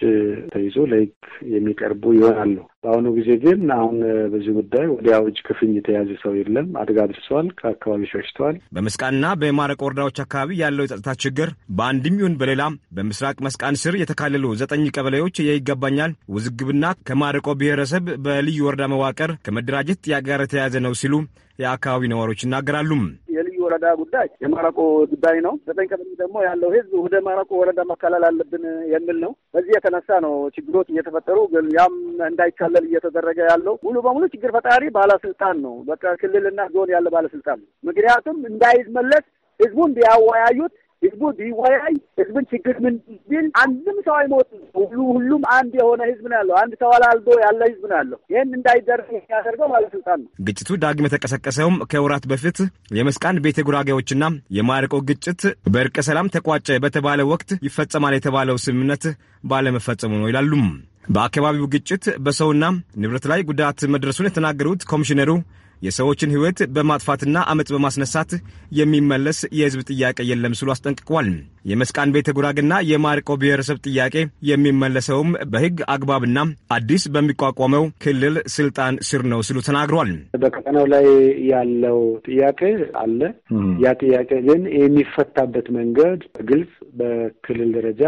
[SPEAKER 5] ተይዞ ለህግ የሚቀርቡ ይሆናሉ። በአሁኑ ጊዜ ግን አሁን በዚህ ጉዳይ ወደ አውጅ ክፍኝ የተያዘ ሰው የለም። አደጋ አድርሰዋል፣ ከአካባቢ ሸሽተዋል።
[SPEAKER 10] በመስቃንና በማረቆ ወረዳዎች አካባቢ ያለው የጸጥታ ችግር በአንድም ይሁን በሌላም በምስራቅ መስቃን ስር የተካለሉ ዘጠኝ ቀበሌዎች የይገባኛል ውዝግብና ከማረቆ ብሔረሰብ በልዩ ወረዳ መዋቅር ከመደራጀት ጥያቄ ጋር የተያያዘ ነው ሲሉ የአካባቢ ነዋሪዎች ይናገራሉ።
[SPEAKER 2] ወረዳ ጉዳይ የማረቆ
[SPEAKER 5] ጉዳይ ነው። ዘጠኝ ቀበሌ ደግሞ ያለው ህዝብ ወደ ማረቆ ወረዳ መካለል አለብን የሚል ነው። በዚህ የተነሳ ነው ችግሮች እየተፈጠሩ ግን ያም እንዳይካለል እየተደረገ ያለው ሙሉ በሙሉ ችግር ፈጣሪ ባለስልጣን ነው። በቃ ክልልና ዞን ያለ ባለስልጣን ነው። ምክንያቱም እንዳይመለስ ህዝቡን ቢያወያዩት ህዝቡ ቢወያይ ህዝብን ችግር ምን ቢል አንድም ሰው አይሞትም። ሁሉ ሁሉም አንድ የሆነ ህዝብ ነው ያለው። አንድ ተወላልዶ ያለ ህዝብ ነው ያለው። ይህን እንዳይደረግ የሚያደርገው ባለስልጣን ነው።
[SPEAKER 10] ግጭቱ ዳግም የተቀሰቀሰውም ከወራት በፊት የመስቃን ቤተ ጉራጌዎችና የማረቆ ግጭት በእርቀ ሰላም ተቋጨ በተባለ ወቅት ይፈጸማል የተባለው ስምምነት ባለመፈጸሙ ነው ይላሉም። በአካባቢው ግጭት በሰውና ንብረት ላይ ጉዳት መድረሱን የተናገሩት ኮሚሽነሩ የሰዎችን ሕይወት በማጥፋትና አመፅ በማስነሳት የሚመለስ የህዝብ ጥያቄ የለም ሲሉ አስጠንቅቋል። የመስቃን ቤተ ጉራግና የማርቆ ብሔረሰብ ጥያቄ የሚመለሰውም በህግ አግባብና አዲስ በሚቋቋመው ክልል ስልጣን ስር ነው ሲሉ ተናግሯል።
[SPEAKER 5] በቀጠናው ላይ ያለው ጥያቄ አለ። ያ ጥያቄ ግን የሚፈታበት መንገድ ግልጽ በክልል ደረጃ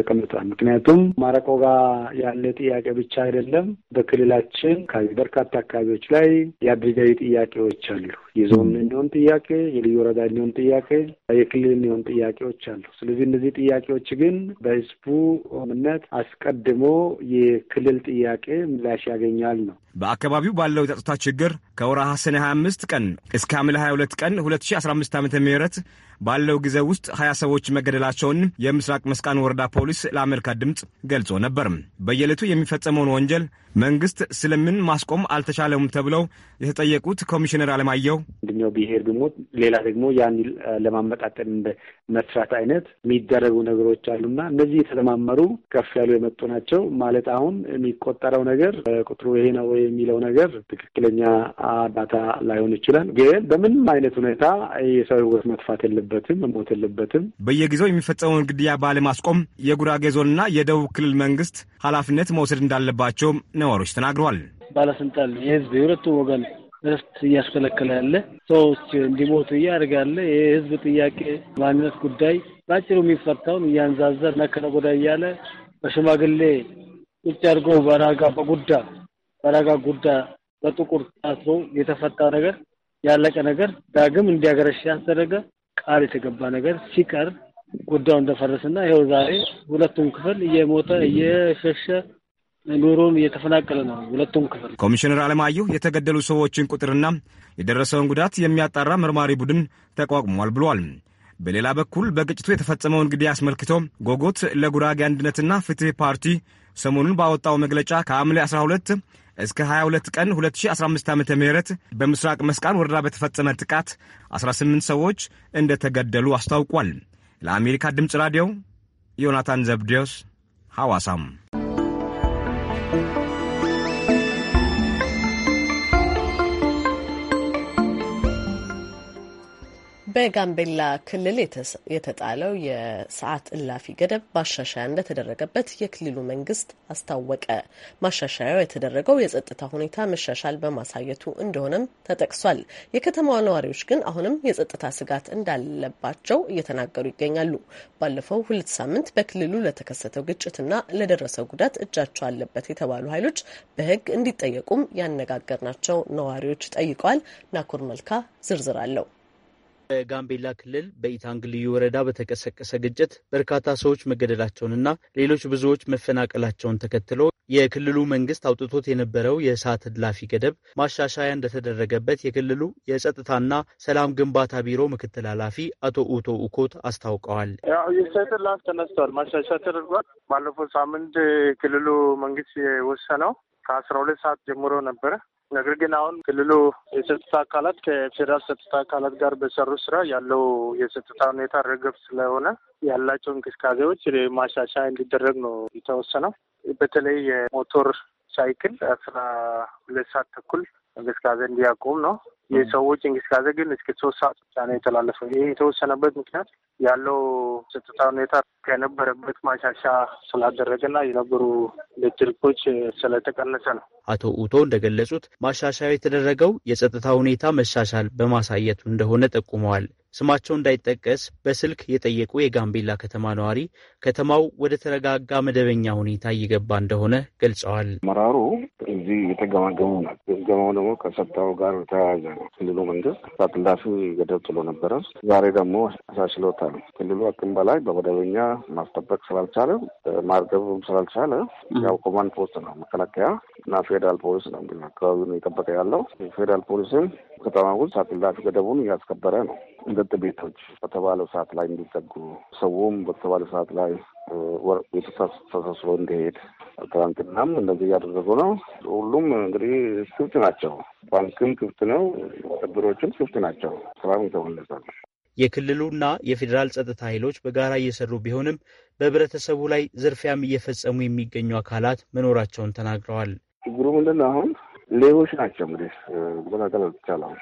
[SPEAKER 5] ተቀምጧል። ምክንያቱም ማረቆ ጋር ያለ ጥያቄ ብቻ አይደለም። በክልላችን በርካታ አካባቢዎች ላይ የአደረጃዊ ጥያቄዎች አሉ።
[SPEAKER 10] የዞን የሚሆን
[SPEAKER 5] ጥያቄ፣ የልዩ ወረዳ የሚሆን ጥያቄ፣ የክልል የሚሆን ጥያቄዎች አሉ። ስለዚህ እነዚህ ጥያቄዎች ግን በህዝቡ እምነት አስቀድሞ የክልል ጥያቄ ምላሽ ያገኛል ነው።
[SPEAKER 10] በአካባቢው ባለው የጸጥታ ችግር ከወርሃ ሰኔ 25 ቀን እስከ ሐምሌ 22 ቀን 2015 ዓ ም ባለው ጊዜ ውስጥ ሀያ ሰዎች መገደላቸውን የምስራቅ መስቃን ወረዳ ፖሊስ ለአሜሪካ ድምፅ ገልጾ ነበር። በየዕለቱ የሚፈጸመውን ወንጀል መንግስት ስለምን ማስቆም አልተቻለም ተብለው የተጠየቁት ኮሚሽነር አለማየሁ
[SPEAKER 5] አንደኛው ብሄር ግሞት፣ ሌላ ደግሞ ያን ለማመጣጠን እንደ መስራት አይነት የሚደረጉ ነገሮች አሉና እነዚህ የተለማመሩ ከፍ ያሉ የመጡ ናቸው ማለት አሁን የሚቆጠረው ነገር ቁጥሩ ይሄ ነው የሚለው ነገር ትክክለኛ ዳታ ላይሆን ይችላል። ግን በምንም አይነት ሁኔታ የሰው ህይወት መጥፋት የለም የለበትም መሞት የለበትም።
[SPEAKER 10] በየጊዜው የሚፈጸመውን ግድያ ባለማስቆም የጉራጌ ዞንና የደቡብ ክልል መንግስት ኃላፊነት መውሰድ እንዳለባቸው ነዋሪዎች ተናግረዋል።
[SPEAKER 3] ባለስልጣን የህዝብ የሁለቱ ወገን እርፍት እያስከለከለ ያለ ሰዎች እንዲሞቱ እያደርጋለ የህዝብ ጥያቄ ማንነት ጉዳይ በአጭሩ የሚፈታውን እያንዛዛ ነከነ ጎዳ እያለ በሽማግሌ ቁጭ አድርጎ በራጋ በጉዳ በራጋ ጉዳ በጥቁር ታስሮ የተፈታ ነገር ያለቀ ነገር ዳግም እንዲያገረሽ ያስደረገ ቃል የተገባ ነገር ሲቀር ጉዳዩ እንደፈረሰና ይኸው ዛሬ ሁለቱም ክፍል እየሞተ እየሸሸ ኑሮን እየተፈናቀለ ነው። ሁለቱም ክፍል
[SPEAKER 10] ኮሚሽነር አለማየሁ የተገደሉ ሰዎችን ቁጥርና የደረሰውን ጉዳት የሚያጣራ መርማሪ ቡድን ተቋቁሟል ብሏል። በሌላ በኩል በግጭቱ የተፈጸመውን ግድያ አስመልክቶ ጎጎት ለጉራጌ አንድነትና ፍትህ ፓርቲ ሰሞኑን ባወጣው መግለጫ ከሐምሌ 12 እስከ 22 ቀን 2015 ዓ ም በምስራቅ መስቃን ወረዳ በተፈጸመ ጥቃት 18 ሰዎች እንደተገደሉ አስታውቋል። ለአሜሪካ ድምፅ ራዲዮ ዮናታን ዘብዴዎስ ሐዋሳም
[SPEAKER 1] በጋምቤላ ክልል የተጣለው የሰዓት እላፊ ገደብ ማሻሻያ እንደተደረገበት የክልሉ መንግስት አስታወቀ። ማሻሻያው የተደረገው የጸጥታ ሁኔታ መሻሻል በማሳየቱ እንደሆነም ተጠቅሷል። የከተማዋ ነዋሪዎች ግን አሁንም የጸጥታ ስጋት እንዳለባቸው እየተናገሩ ይገኛሉ። ባለፈው ሁለት ሳምንት በክልሉ ለተከሰተው ግጭትና ለደረሰው ጉዳት እጃቸው አለበት የተባሉ ኃይሎች በህግ እንዲጠየቁም ያነጋገርናቸው ነዋሪዎች ጠይቀዋል። ናኩር መልካ ዝርዝር አለው።
[SPEAKER 11] በጋምቤላ ክልል በኢታንግ ልዩ ወረዳ በተቀሰቀሰ ግጭት በርካታ ሰዎች መገደላቸውንና ሌሎች ብዙዎች መፈናቀላቸውን ተከትሎ የክልሉ መንግስት አውጥቶት የነበረው የእሳት እላፊ ገደብ ማሻሻያ እንደተደረገበት የክልሉ የጸጥታና ሰላም ግንባታ ቢሮ ምክትል ኃላፊ አቶ ኡቶ ኡኮት አስታውቀዋል።
[SPEAKER 3] የሰዓት እላፊ ተነስቷል፣ ማሻሻያ ተደርጓል። ባለፈው ሳምንት ክልሉ መንግስት የወሰነው ከአስራ ሁለት ሰዓት ጀምሮ ነበረ ነገር ግን አሁን ክልሉ የጸጥታ አካላት ከፌዴራል ጸጥታ አካላት ጋር በሰሩ ስራ ያለው የጸጥታ ሁኔታ ረገብ ስለሆነ ያላቸው እንቅስቃሴዎች ማሻሻያ እንዲደረግ ነው የተወሰነው። በተለይ የሞቶር ሳይክል አስራ ሁለት ሰዓት ተኩል እንቅስቃሴ እንዲያቆም ነው። የሰዎች እንቅስቃሴ ግን እስከ ሶስት ሰዓት ብቻ ነው የተላለፈው። ይህ የተወሰነበት ምክንያት ያለው ጸጥታ ሁኔታ ከነበረበት ማሻሻ ስላደረገና የነበሩ ኤሌክትሪኮች ስለተቀነሰ ነው።
[SPEAKER 11] አቶ ኡቶ እንደገለጹት ማሻሻያ የተደረገው የጸጥታ ሁኔታ መሻሻል በማሳየቱ እንደሆነ ጠቁመዋል። ስማቸው እንዳይጠቀስ በስልክ የጠየቁ የጋምቤላ ከተማ ነዋሪ ከተማው ወደ ተረጋጋ መደበኛ ሁኔታ እየገባ እንደሆነ ገልጸዋል።
[SPEAKER 5] መራሩ እዚህ የተገማገሙ ናል። ገማው ደግሞ ከጸጥታው ጋር ተያያዘ ነው። ክልሉ መንግስት አጥላፊ ገደብ ጥሎ ነበረ። ዛሬ ደግሞ አሻሽሎታል። ክልሉ አቅም በላይ በመደበኛ ማስጠበቅ ስላልቻለ ማርገብም ስላልቻለ ያው ኮማንድ ፖስት ነው መከላከያ እና ፌዴራል ፖሊስ ነው እንግዲህ አካባቢውን የጠበቀ ያለው ፌዴራል ፖሊስም ከተማ ውስጥ ሰዓት ገደቡን እያስከበረ ነው። መጠጥ ቤቶች በተባለው ሰዓት ላይ እንዲዘጉ፣ ሰውም በተባለው ሰዓት ላይ ቤቱ ተሰብስቦ እንዲሄድ ትናንትናም እንደዚህ እያደረጉ ነው። ሁሉም እንግዲህ ክፍት ናቸው። ባንክም ክፍት ነው። መጠብሮችም ክፍት ናቸው። ስራም የተመለሰ ነው።
[SPEAKER 11] የክልሉና የፌዴራል ጸጥታ ኃይሎች በጋራ እየሰሩ ቢሆንም በህብረተሰቡ ላይ ዝርፊያም እየፈጸሙ የሚገኙ አካላት መኖራቸውን ተናግረዋል።
[SPEAKER 5] ችግሩ ምንድን ነው አሁን ሌቦች ናቸው። እንግዲህ መናገር ይቻላል።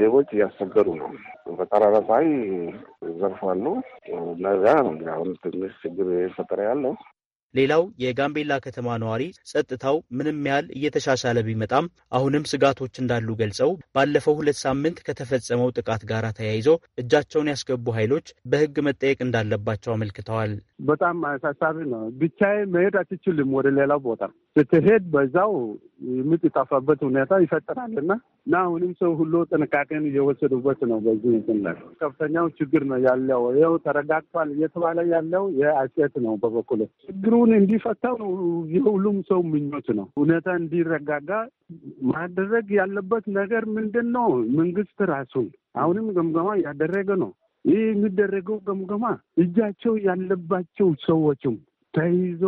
[SPEAKER 5] ሌቦች እያስቸገሩ ነው። በጠራራ ፀሐይ ዘርፋሉ። እነዚያ ነው እንግዲህ አሁን ትንሽ ችግር የፈጠረ ያለው።
[SPEAKER 11] ሌላው የጋምቤላ ከተማ ነዋሪ ጸጥታው ምንም ያህል እየተሻሻለ ቢመጣም አሁንም ስጋቶች እንዳሉ ገልጸው ባለፈው ሁለት ሳምንት ከተፈጸመው ጥቃት ጋር ተያይዞ እጃቸውን ያስገቡ ኃይሎች በሕግ መጠየቅ እንዳለባቸው አመልክተዋል።
[SPEAKER 2] በጣም አሳሳቢ ነው። ብቻዬ መሄድ አትችልም ወደ ሌላው ቦታ ስትሄድ በዛው ምጥ ሁኔታ ይፈጠራል እና እና አሁንም ሰው ሁሉ ጥንቃቄን እየወሰዱበት ነው። በዚህ እንትን ላይ ከፍተኛው ችግር ነው ያለው። ይኸው ተረጋግቷል እየተባለ ያለው የአሴት ነው። በበኩሉ ችግሩን እንዲፈታው የሁሉም ሰው ምኞት ነው። ሁኔታ እንዲረጋጋ ማድረግ ያለበት ነገር ምንድን ነው? መንግስት ራሱን አሁንም ገምገማ እያደረገ ነው። ይህ የሚደረገው ገምገማ እጃቸው ያለባቸው ሰዎችም ተይዞ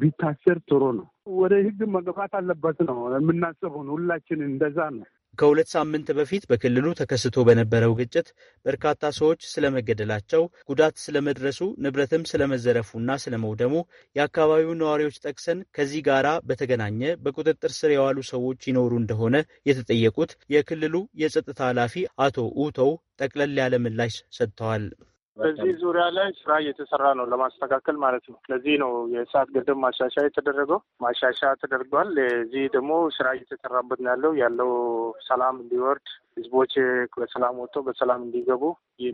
[SPEAKER 2] ቢታሰር ጥሩ ነው። ወደ ህግ መግባት አለበት ነው የምናስበውን ሁላችን እንደዛ ነው።
[SPEAKER 11] ከሁለት ሳምንት በፊት በክልሉ ተከስቶ በነበረው ግጭት በርካታ ሰዎች ስለመገደላቸው፣ ጉዳት ስለመድረሱ፣ ንብረትም ስለመዘረፉና ስለመውደሙ የአካባቢው ነዋሪዎች ጠቅሰን ከዚህ ጋር በተገናኘ በቁጥጥር ስር የዋሉ ሰዎች ይኖሩ እንደሆነ የተጠየቁት የክልሉ የጸጥታ ኃላፊ አቶ ኡቶው ጠቅለል ያለ ምላሽ ሰጥተዋል። በዚህ
[SPEAKER 3] ዙሪያ ላይ ስራ እየተሰራ ነው ለማስተካከል ማለት ነው። ለዚህ ነው የሰዓት ገደብ ማሻሻያ የተደረገው፣ ማሻሻያ ተደርጓል። ለዚህ ደግሞ ስራ እየተሰራበት ነው ያለው ያለው ሰላም እንዲወርድ ህዝቦች በሰላም ወጥቶ በሰላም እንዲገቡ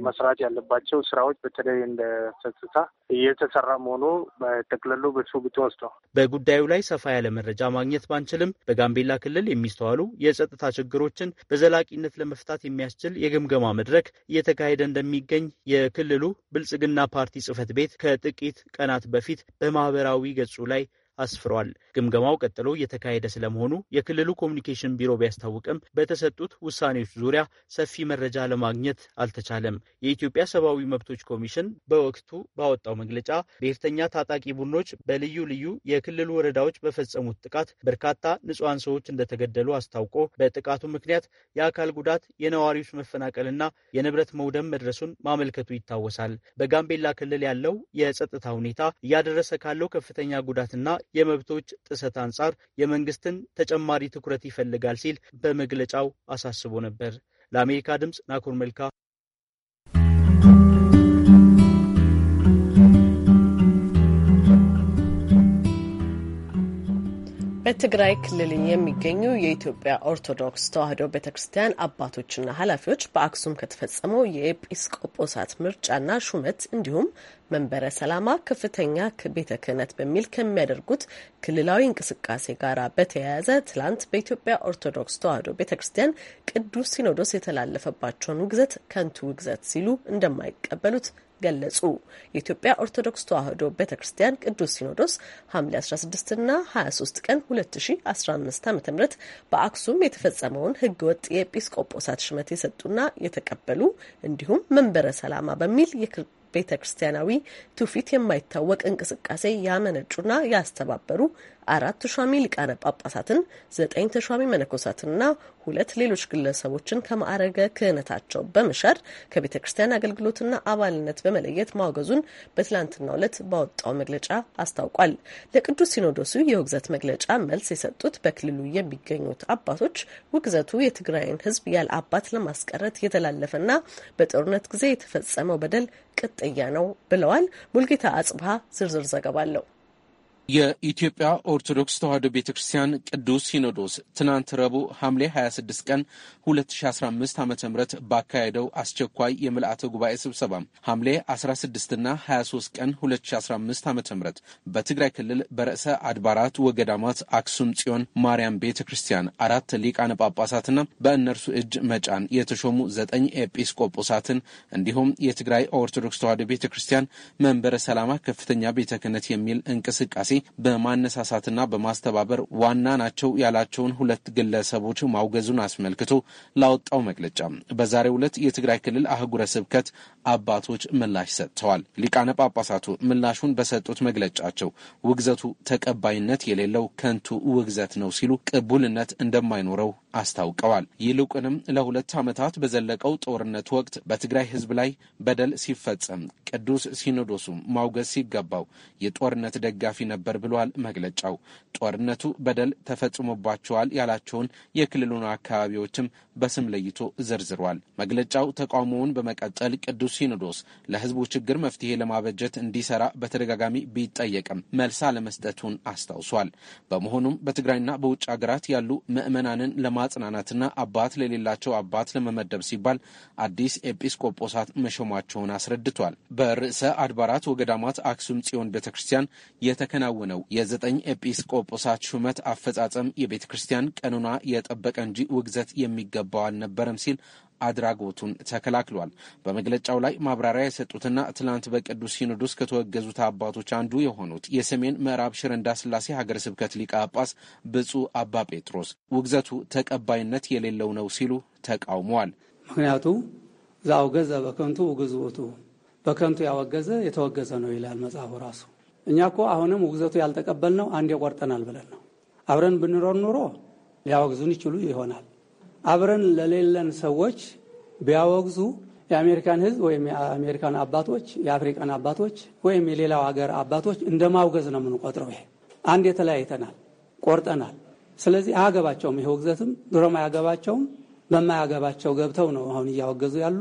[SPEAKER 3] መስራት ያለባቸው ስራዎች በተለይ እንደ ጸጥታ እየተሰራ መሆኑ በጠቅለሉ በሱ ብትወስዶ
[SPEAKER 11] በጉዳዩ ላይ ሰፋ ያለ መረጃ ማግኘት ባንችልም በጋምቤላ ክልል የሚስተዋሉ የጸጥታ ችግሮችን በዘላቂነት ለመፍታት የሚያስችል የግምገማ መድረክ እየተካሄደ እንደሚገኝ የክልሉ ብልጽግና ፓርቲ ጽህፈት ቤት ከጥቂት ቀናት በፊት በማህበራዊ ገጹ ላይ አስፍሯል። ግምገማው ቀጥሎ የተካሄደ ስለመሆኑ የክልሉ ኮሚኒኬሽን ቢሮ ቢያስታውቅም በተሰጡት ውሳኔዎች ዙሪያ ሰፊ መረጃ ለማግኘት አልተቻለም። የኢትዮጵያ ሰብአዊ መብቶች ኮሚሽን በወቅቱ ባወጣው መግለጫ ብሔርተኛ ታጣቂ ቡድኖች በልዩ ልዩ የክልሉ ወረዳዎች በፈጸሙት ጥቃት በርካታ ንጹሐን ሰዎች እንደተገደሉ አስታውቆ በጥቃቱ ምክንያት የአካል ጉዳት፣ የነዋሪዎች መፈናቀልና የንብረት መውደም መድረሱን ማመልከቱ ይታወሳል። በጋምቤላ ክልል ያለው የጸጥታ ሁኔታ እያደረሰ ካለው ከፍተኛ ጉዳትና የመብቶች ጥሰት አንጻር የመንግስትን ተጨማሪ ትኩረት ይፈልጋል ሲል በመግለጫው አሳስቦ ነበር። ለአሜሪካ ድምፅ ናኮር መልካ
[SPEAKER 1] በትግራይ ክልል የሚገኙ የኢትዮጵያ ኦርቶዶክስ ተዋሕዶ ቤተ ክርስቲያን አባቶችና ኃላፊዎች በአክሱም ከተፈጸመው የኤጲስቆጶሳት ምርጫና ሹመት እንዲሁም መንበረ ሰላማ ከፍተኛ ቤተ ክህነት በሚል ከሚያደርጉት ክልላዊ እንቅስቃሴ ጋር በተያያዘ ትላንት በኢትዮጵያ ኦርቶዶክስ ተዋሕዶ ቤተ ክርስቲያን ቅዱስ ሲኖዶስ የተላለፈባቸውን ውግዘት ከንቱ ውግዘት ሲሉ እንደማይቀበሉት ገለጹ። የኢትዮጵያ ኦርቶዶክስ ተዋሕዶ ቤተ ክርስቲያን ቅዱስ ሲኖዶስ ሐምሌ 16ና 23 ቀን 2015 ዓ ም በአክሱም የተፈጸመውን ህገወጥ የኤጲስቆጶሳት ሽመት የሰጡና የተቀበሉ እንዲሁም መንበረ ሰላማ በሚል ቤተ ክርስቲያናዊ ትውፊት የማይታወቅ እንቅስቃሴ ያመነጩና ያስተባበሩ አራት ተሿሚ ሊቃነ ጳጳሳትን፣ ዘጠኝ ተሿሚ መነኮሳትንና ሁለት ሌሎች ግለሰቦችን ከማዕረገ ክህነታቸው በመሻር ከቤተ ክርስቲያን አገልግሎትና አባልነት በመለየት ማውገዙን በትላንትናው ዕለት ባወጣው መግለጫ አስታውቋል። ለቅዱስ ሲኖዶሱ የውግዘት መግለጫ መልስ የሰጡት በክልሉ የሚገኙት አባቶች ውግዘቱ የትግራይን ሕዝብ ያለ አባት ለማስቀረት የተላለፈና በጦርነት ጊዜ የተፈጸመው በደል ቅጥያ ነው ብለዋል። ሙልጌታ አጽብሃ ዝርዝር ዘገባ አለው።
[SPEAKER 12] የኢትዮጵያ ኦርቶዶክስ ተዋሕዶ ቤተ ክርስቲያን ቅዱስ ሲኖዶስ ትናንት ረቡዕ ሐምሌ 26 ቀን 2015 ዓ ም ባካሄደው አስቸኳይ የምልአተ ጉባኤ ስብሰባ ሐምሌ 16ና 23 ቀን 2015 ዓ ም በትግራይ ክልል በርዕሰ አድባራት ወገዳማት አክሱም ጽዮን ማርያም ቤተ ክርስቲያን አራት ሊቃነ ጳጳሳትና በእነርሱ እጅ መጫን የተሾሙ ዘጠኝ ኤጲስቆጶሳትን እንዲሁም የትግራይ ኦርቶዶክስ ተዋሕዶ ቤተ ክርስቲያን መንበረ ሰላማ ከፍተኛ ቤተ ክህነት የሚል እንቅስቃሴ በማነሳሳትና በማስተባበር ዋና ናቸው ያላቸውን ሁለት ግለሰቦች ማውገዙን አስመልክቶ ላወጣው መግለጫ በዛሬው ዕለት የትግራይ ክልል አህጉረ ስብከት አባቶች ምላሽ ሰጥተዋል። ሊቃነ ጳጳሳቱ ምላሹን በሰጡት መግለጫቸው ውግዘቱ ተቀባይነት የሌለው ከንቱ ውግዘት ነው ሲሉ ቅቡልነት እንደማይኖረው አስታውቀዋል። ይልቁንም ለሁለት ዓመታት በዘለቀው ጦርነት ወቅት በትግራይ ሕዝብ ላይ በደል ሲፈጸም ቅዱስ ሲኖዶሱ ማውገዝ ሲገባው የጦርነት ደጋፊ ነበር ነበር ብሏል መግለጫው። ጦርነቱ በደል ተፈጽሞባቸዋል ያላቸውን የክልሉን አካባቢዎችም በስም ለይቶ ዘርዝሯል። መግለጫው ተቃውሞውን በመቀጠል ቅዱስ ሲኖዶስ ለሕዝቡ ችግር መፍትሄ ለማበጀት እንዲሰራ በተደጋጋሚ ቢጠየቅም መልስ አለመስጠቱን አስታውሷል። በመሆኑም በትግራይና በውጭ ሀገራት ያሉ ምዕመናንን ለማጽናናትና አባት ለሌላቸው አባት ለመመደብ ሲባል አዲስ ኤጲስቆጶሳት መሾማቸውን አስረድቷል። በርዕሰ አድባራት ወገዳማት አክሱም ጽዮን ቤተ ክርስቲያን የተከናወ የተከናወነው የዘጠኝ ኤጲስቆጶሳት ሹመት አፈጻጸም የቤተ ክርስቲያን ቀኖና የጠበቀ እንጂ ውግዘት የሚገባው አልነበረም ሲል አድራጎቱን ተከላክሏል። በመግለጫው ላይ ማብራሪያ የሰጡትና ትላንት በቅዱስ ሲኖዶስ ከተወገዙት አባቶች አንዱ የሆኑት የሰሜን ምዕራብ ሽረ እንዳስላሴ ሀገረ ስብከት ሊቀ ጳጳስ ብፁዕ አባ ጴጥሮስ ውግዘቱ ተቀባይነት የሌለው ነው ሲሉ ተቃውመዋል።
[SPEAKER 8] ምክንያቱ ዛውገዘ በከንቱ ውግዝቱ በከንቱ ያወገዘ የተወገዘ ነው ይላል መጽሐፉ ራሱ። እኛ እኮ አሁንም ውግዘቱ ያልተቀበልነው አንዴ ቆርጠናል ብለን ነው። አብረን ብንኖር ኑሮ ሊያወግዙን ይችሉ ይሆናል። አብረን ለሌለን ሰዎች ቢያወግዙ የአሜሪካን ሕዝብ ወይም የአሜሪካን አባቶች፣ የአፍሪካን አባቶች ወይም የሌላው ሀገር አባቶች እንደ ማውገዝ ነው የምንቆጥረው። ይሄ አንዴ ተለያይተናል፣ ቆርጠናል። ስለዚህ አያገባቸውም። ይሄ ውግዘትም ድሮም አያገባቸውም። በማያገባቸው ገብተው ነው አሁን እያወገዙ ያሉ።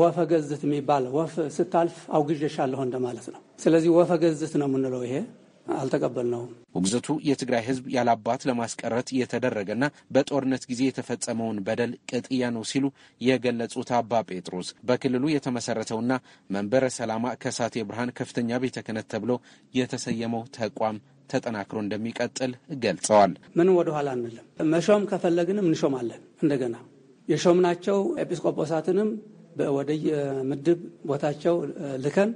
[SPEAKER 8] ወፈ ገዝት የሚባል ወፍ ስታልፍ አውግዤሻለሁ እንደማለት ነው። ስለዚህ ወፈ ገዝት ነው የምንለው ይሄ አልተቀበልነውም።
[SPEAKER 12] ውግዘቱ የትግራይ ሕዝብ ያላባት ለማስቀረት የተደረገና በጦርነት ጊዜ የተፈጸመውን በደል ቅጥያ ነው ሲሉ የገለጹት አባ ጴጥሮስ በክልሉ የተመሰረተውና መንበረ ሰላማ ከሳቴ ብርሃን ከፍተኛ ቤተ ክህነት ተብሎ የተሰየመው ተቋም ተጠናክሮ እንደሚቀጥል ገልጸዋል።
[SPEAKER 8] ምንም ወደኋላ አንልም። መሾም ከፈለግንም እንሾማለን። እንደገና የሾምናቸው ኤጲስቆጶሳትንም ወደ ምድብ ቦታቸው ልከን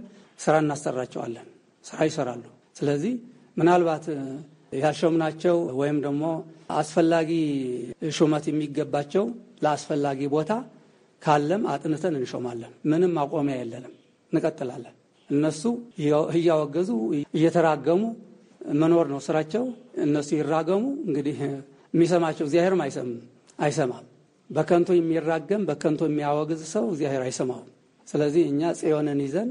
[SPEAKER 8] ስራ እናሰራቸዋለን። ስራ ይሰራሉ። ስለዚህ ምናልባት ያልሾምናቸው ወይም ደግሞ አስፈላጊ ሹመት የሚገባቸው ለአስፈላጊ ቦታ ካለም አጥንተን እንሾማለን። ምንም ማቆሚያ የለንም፣ እንቀጥላለን። እነሱ እያወገዙ እየተራገሙ መኖር ነው ስራቸው። እነሱ ይራገሙ እንግዲህ የሚሰማቸው እግዚአብሔርም አይሰማም። በከንቱ የሚራገም በከንቱ የሚያወግዝ ሰው እግዚአብሔር አይሰማውም። ስለዚህ እኛ ጽዮንን ይዘን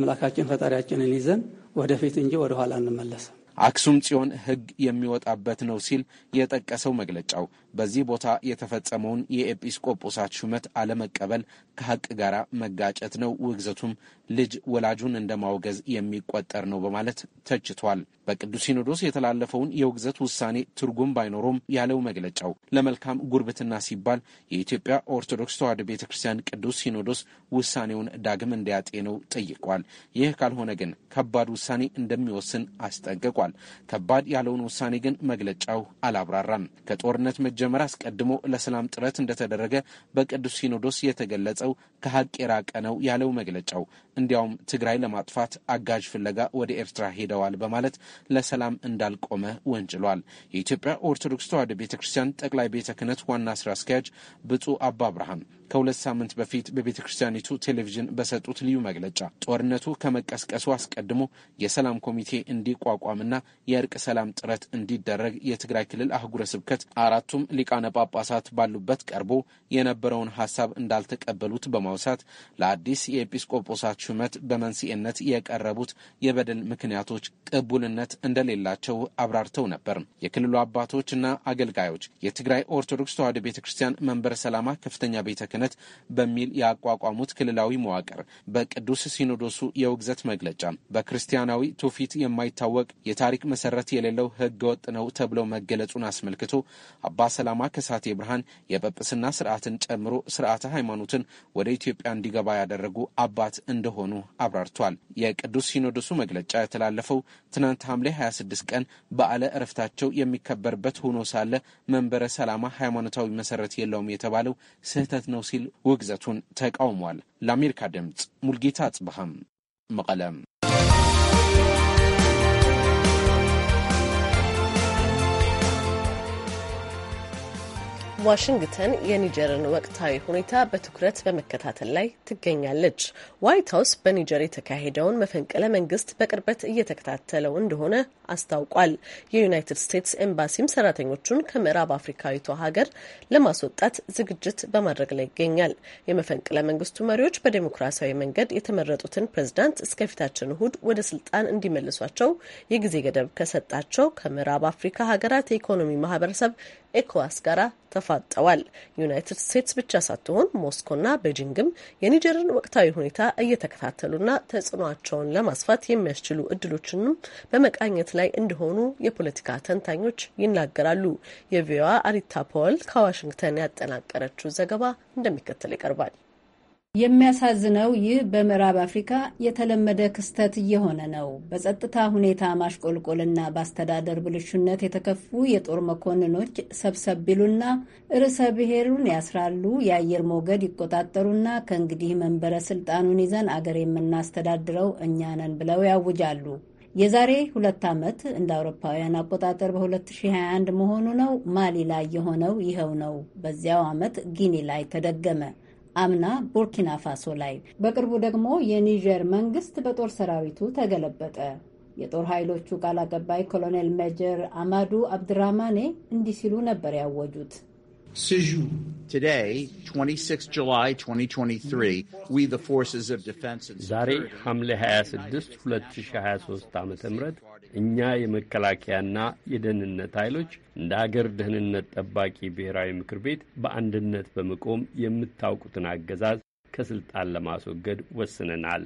[SPEAKER 8] አምላካችን ፈጣሪያችንን ይዘን ወደፊት እንጂ ወደኋላ እንመለስም።
[SPEAKER 12] አክሱም ጽዮን ሕግ የሚወጣበት ነው ሲል የጠቀሰው መግለጫው በዚህ ቦታ የተፈጸመውን የኤጲስቆጶሳት ሹመት አለመቀበል ከሀቅ ጋር መጋጨት ነው። ውግዘቱም ልጅ ወላጁን እንደ ማውገዝ የሚቆጠር ነው በማለት ተችቷል። በቅዱስ ሲኖዶስ የተላለፈውን የውግዘት ውሳኔ ትርጉም ባይኖረውም ያለው መግለጫው ለመልካም ጉርብትና ሲባል የኢትዮጵያ ኦርቶዶክስ ተዋሕዶ ቤተ ክርስቲያን ቅዱስ ሲኖዶስ ውሳኔውን ዳግም እንዲያጤነው ጠይቋል። ይህ ካልሆነ ግን ከባድ ውሳኔ እንደሚወስን አስጠንቅቋል። ከባድ ያለውን ውሳኔ ግን መግለጫው አላብራራም። ከጦርነት መ ከመጀመር አስቀድሞ ለሰላም ጥረት እንደተደረገ በቅዱስ ሲኖዶስ የተገለጸው ከሀቅ የራቀ ነው ያለው መግለጫው፣ እንዲያውም ትግራይ ለማጥፋት አጋዥ ፍለጋ ወደ ኤርትራ ሄደዋል በማለት ለሰላም እንዳልቆመ ወንጭሏል የኢትዮጵያ ኦርቶዶክስ ተዋሕዶ ቤተ ክርስቲያን ጠቅላይ ቤተ ክህነት ዋና ስራ አስኪያጅ ብፁዕ አባ አብርሃም ከሁለት ሳምንት በፊት በቤተ ክርስቲያኒቱ ቴሌቪዥን በሰጡት ልዩ መግለጫ ጦርነቱ ከመቀስቀሱ አስቀድሞ የሰላም ኮሚቴ እንዲቋቋምና የእርቅ ሰላም ጥረት እንዲደረግ የትግራይ ክልል አህጉረ ስብከት አራቱም ሊቃነ ጳጳሳት ባሉበት ቀርቦ የነበረውን ሀሳብ እንዳልተቀበሉት በማውሳት ለአዲስ የኤጲስቆጶሳት ሹመት በመንስኤነት የቀረቡት የበደል ምክንያቶች ቅቡልነት እንደሌላቸው አብራርተው ነበር። የክልሉ አባቶች እና አገልጋዮች የትግራይ ኦርቶዶክስ ተዋሕዶ ቤተ ክርስቲያን መንበረ ሰላማ ከፍተኛ ቤተ ክህነት በሚል ያቋቋሙት ክልላዊ መዋቅር በቅዱስ ሲኖዶሱ የውግዘት መግለጫ በክርስቲያናዊ ትውፊት የማይታወቅ የታሪክ መሰረት የሌለው ህገወጥ ነው ተብሎ መገለጹን አስመልክቶ አባ ሰላማ ከሳቴ ብርሃን የጵጵስና ስርዓትን ጨምሮ ስርዓተ ሃይማኖትን ወደ ኢትዮጵያ እንዲገባ ያደረጉ አባት እንደሆኑ አብራርቷል። የቅዱስ ሲኖዶሱ መግለጫ የተላለፈው ትናንት ሐምሌ 26 ቀን በዓለ እረፍታቸው የሚከበርበት ሆኖ ሳለ መንበረ ሰላማ ሃይማኖታዊ መሰረት የለውም የተባለው ስህተት ነው ሲል ውግዘቱን ተቃውሟል። ለአሜሪካ ድምፅ ሙልጌታ አጽብሃም
[SPEAKER 1] መቀለም ዋሽንግተን የኒጀርን ወቅታዊ ሁኔታ በትኩረት በመከታተል ላይ ትገኛለች። ዋይት ሀውስ በኒጀር የተካሄደውን መፈንቅለ መንግስት በቅርበት እየተከታተለው እንደሆነ አስታውቋል። የዩናይትድ ስቴትስ ኤምባሲም ሰራተኞቹን ከምዕራብ አፍሪካዊቷ ሀገር ለማስወጣት ዝግጅት በማድረግ ላይ ይገኛል። የመፈንቅለ መንግስቱ መሪዎች በዴሞክራሲያዊ መንገድ የተመረጡትን ፕሬዝዳንት እስከፊታችን እሁድ ወደ ስልጣን እንዲመልሷቸው የጊዜ ገደብ ከሰጣቸው ከምዕራብ አፍሪካ ሀገራት የኢኮኖሚ ማህበረሰብ ኤኮዋስ ጋር ተፋጠዋል። ዩናይትድ ስቴትስ ብቻ ሳትሆን ሞስኮና ቤጂንግም የኒጀርን ወቅታዊ ሁኔታ እየተከታተሉና ተጽዕኖቸውን ለማስፋት የሚያስችሉ እድሎችንም በመቃኘት ላይ እንደሆኑ የፖለቲካ ተንታኞች ይናገራሉ። የቪዋ አሪታ ፖል ከዋሽንግተን ያጠናቀረችው ዘገባ እንደሚከተል ይቀርባል።
[SPEAKER 13] የሚያሳዝነው ይህ በምዕራብ አፍሪካ የተለመደ ክስተት እየሆነ ነው። በጸጥታ ሁኔታ ማሽቆልቆልና በአስተዳደር ብልሹነት የተከፉ የጦር መኮንኖች ሰብሰብ ቢሉና ርዕሰ ብሔሩን ያስራሉ፣ የአየር ሞገድ ይቆጣጠሩና ከእንግዲህ መንበረ ስልጣኑን ይዘን አገር የምናስተዳድረው እኛ ነን ብለው ያውጃሉ። የዛሬ ሁለት ዓመት እንደ አውሮፓውያን አቆጣጠር በ2021 መሆኑ ነው። ማሊ ላይ የሆነው ይኸው ነው። በዚያው ዓመት ጊኒ ላይ ተደገመ። አምና ቡርኪና ፋሶ ላይ፣ በቅርቡ ደግሞ የኒጀር መንግስት በጦር ሰራዊቱ ተገለበጠ። የጦር ኃይሎቹ ቃል አቀባይ ኮሎኔል ሜጀር አማዱ አብድራማኔ እንዲህ ሲሉ ነበር ያወጁት።
[SPEAKER 11] ዛሬ
[SPEAKER 9] ሐምሌ 26 2023 ዓ ም እኛ የመከላከያና የደህንነት ኃይሎች እንደ አገር ደህንነት ጠባቂ ብሔራዊ ምክር ቤት በአንድነት በመቆም የምታውቁትን አገዛዝ ከስልጣን ለማስወገድ ወስነናል።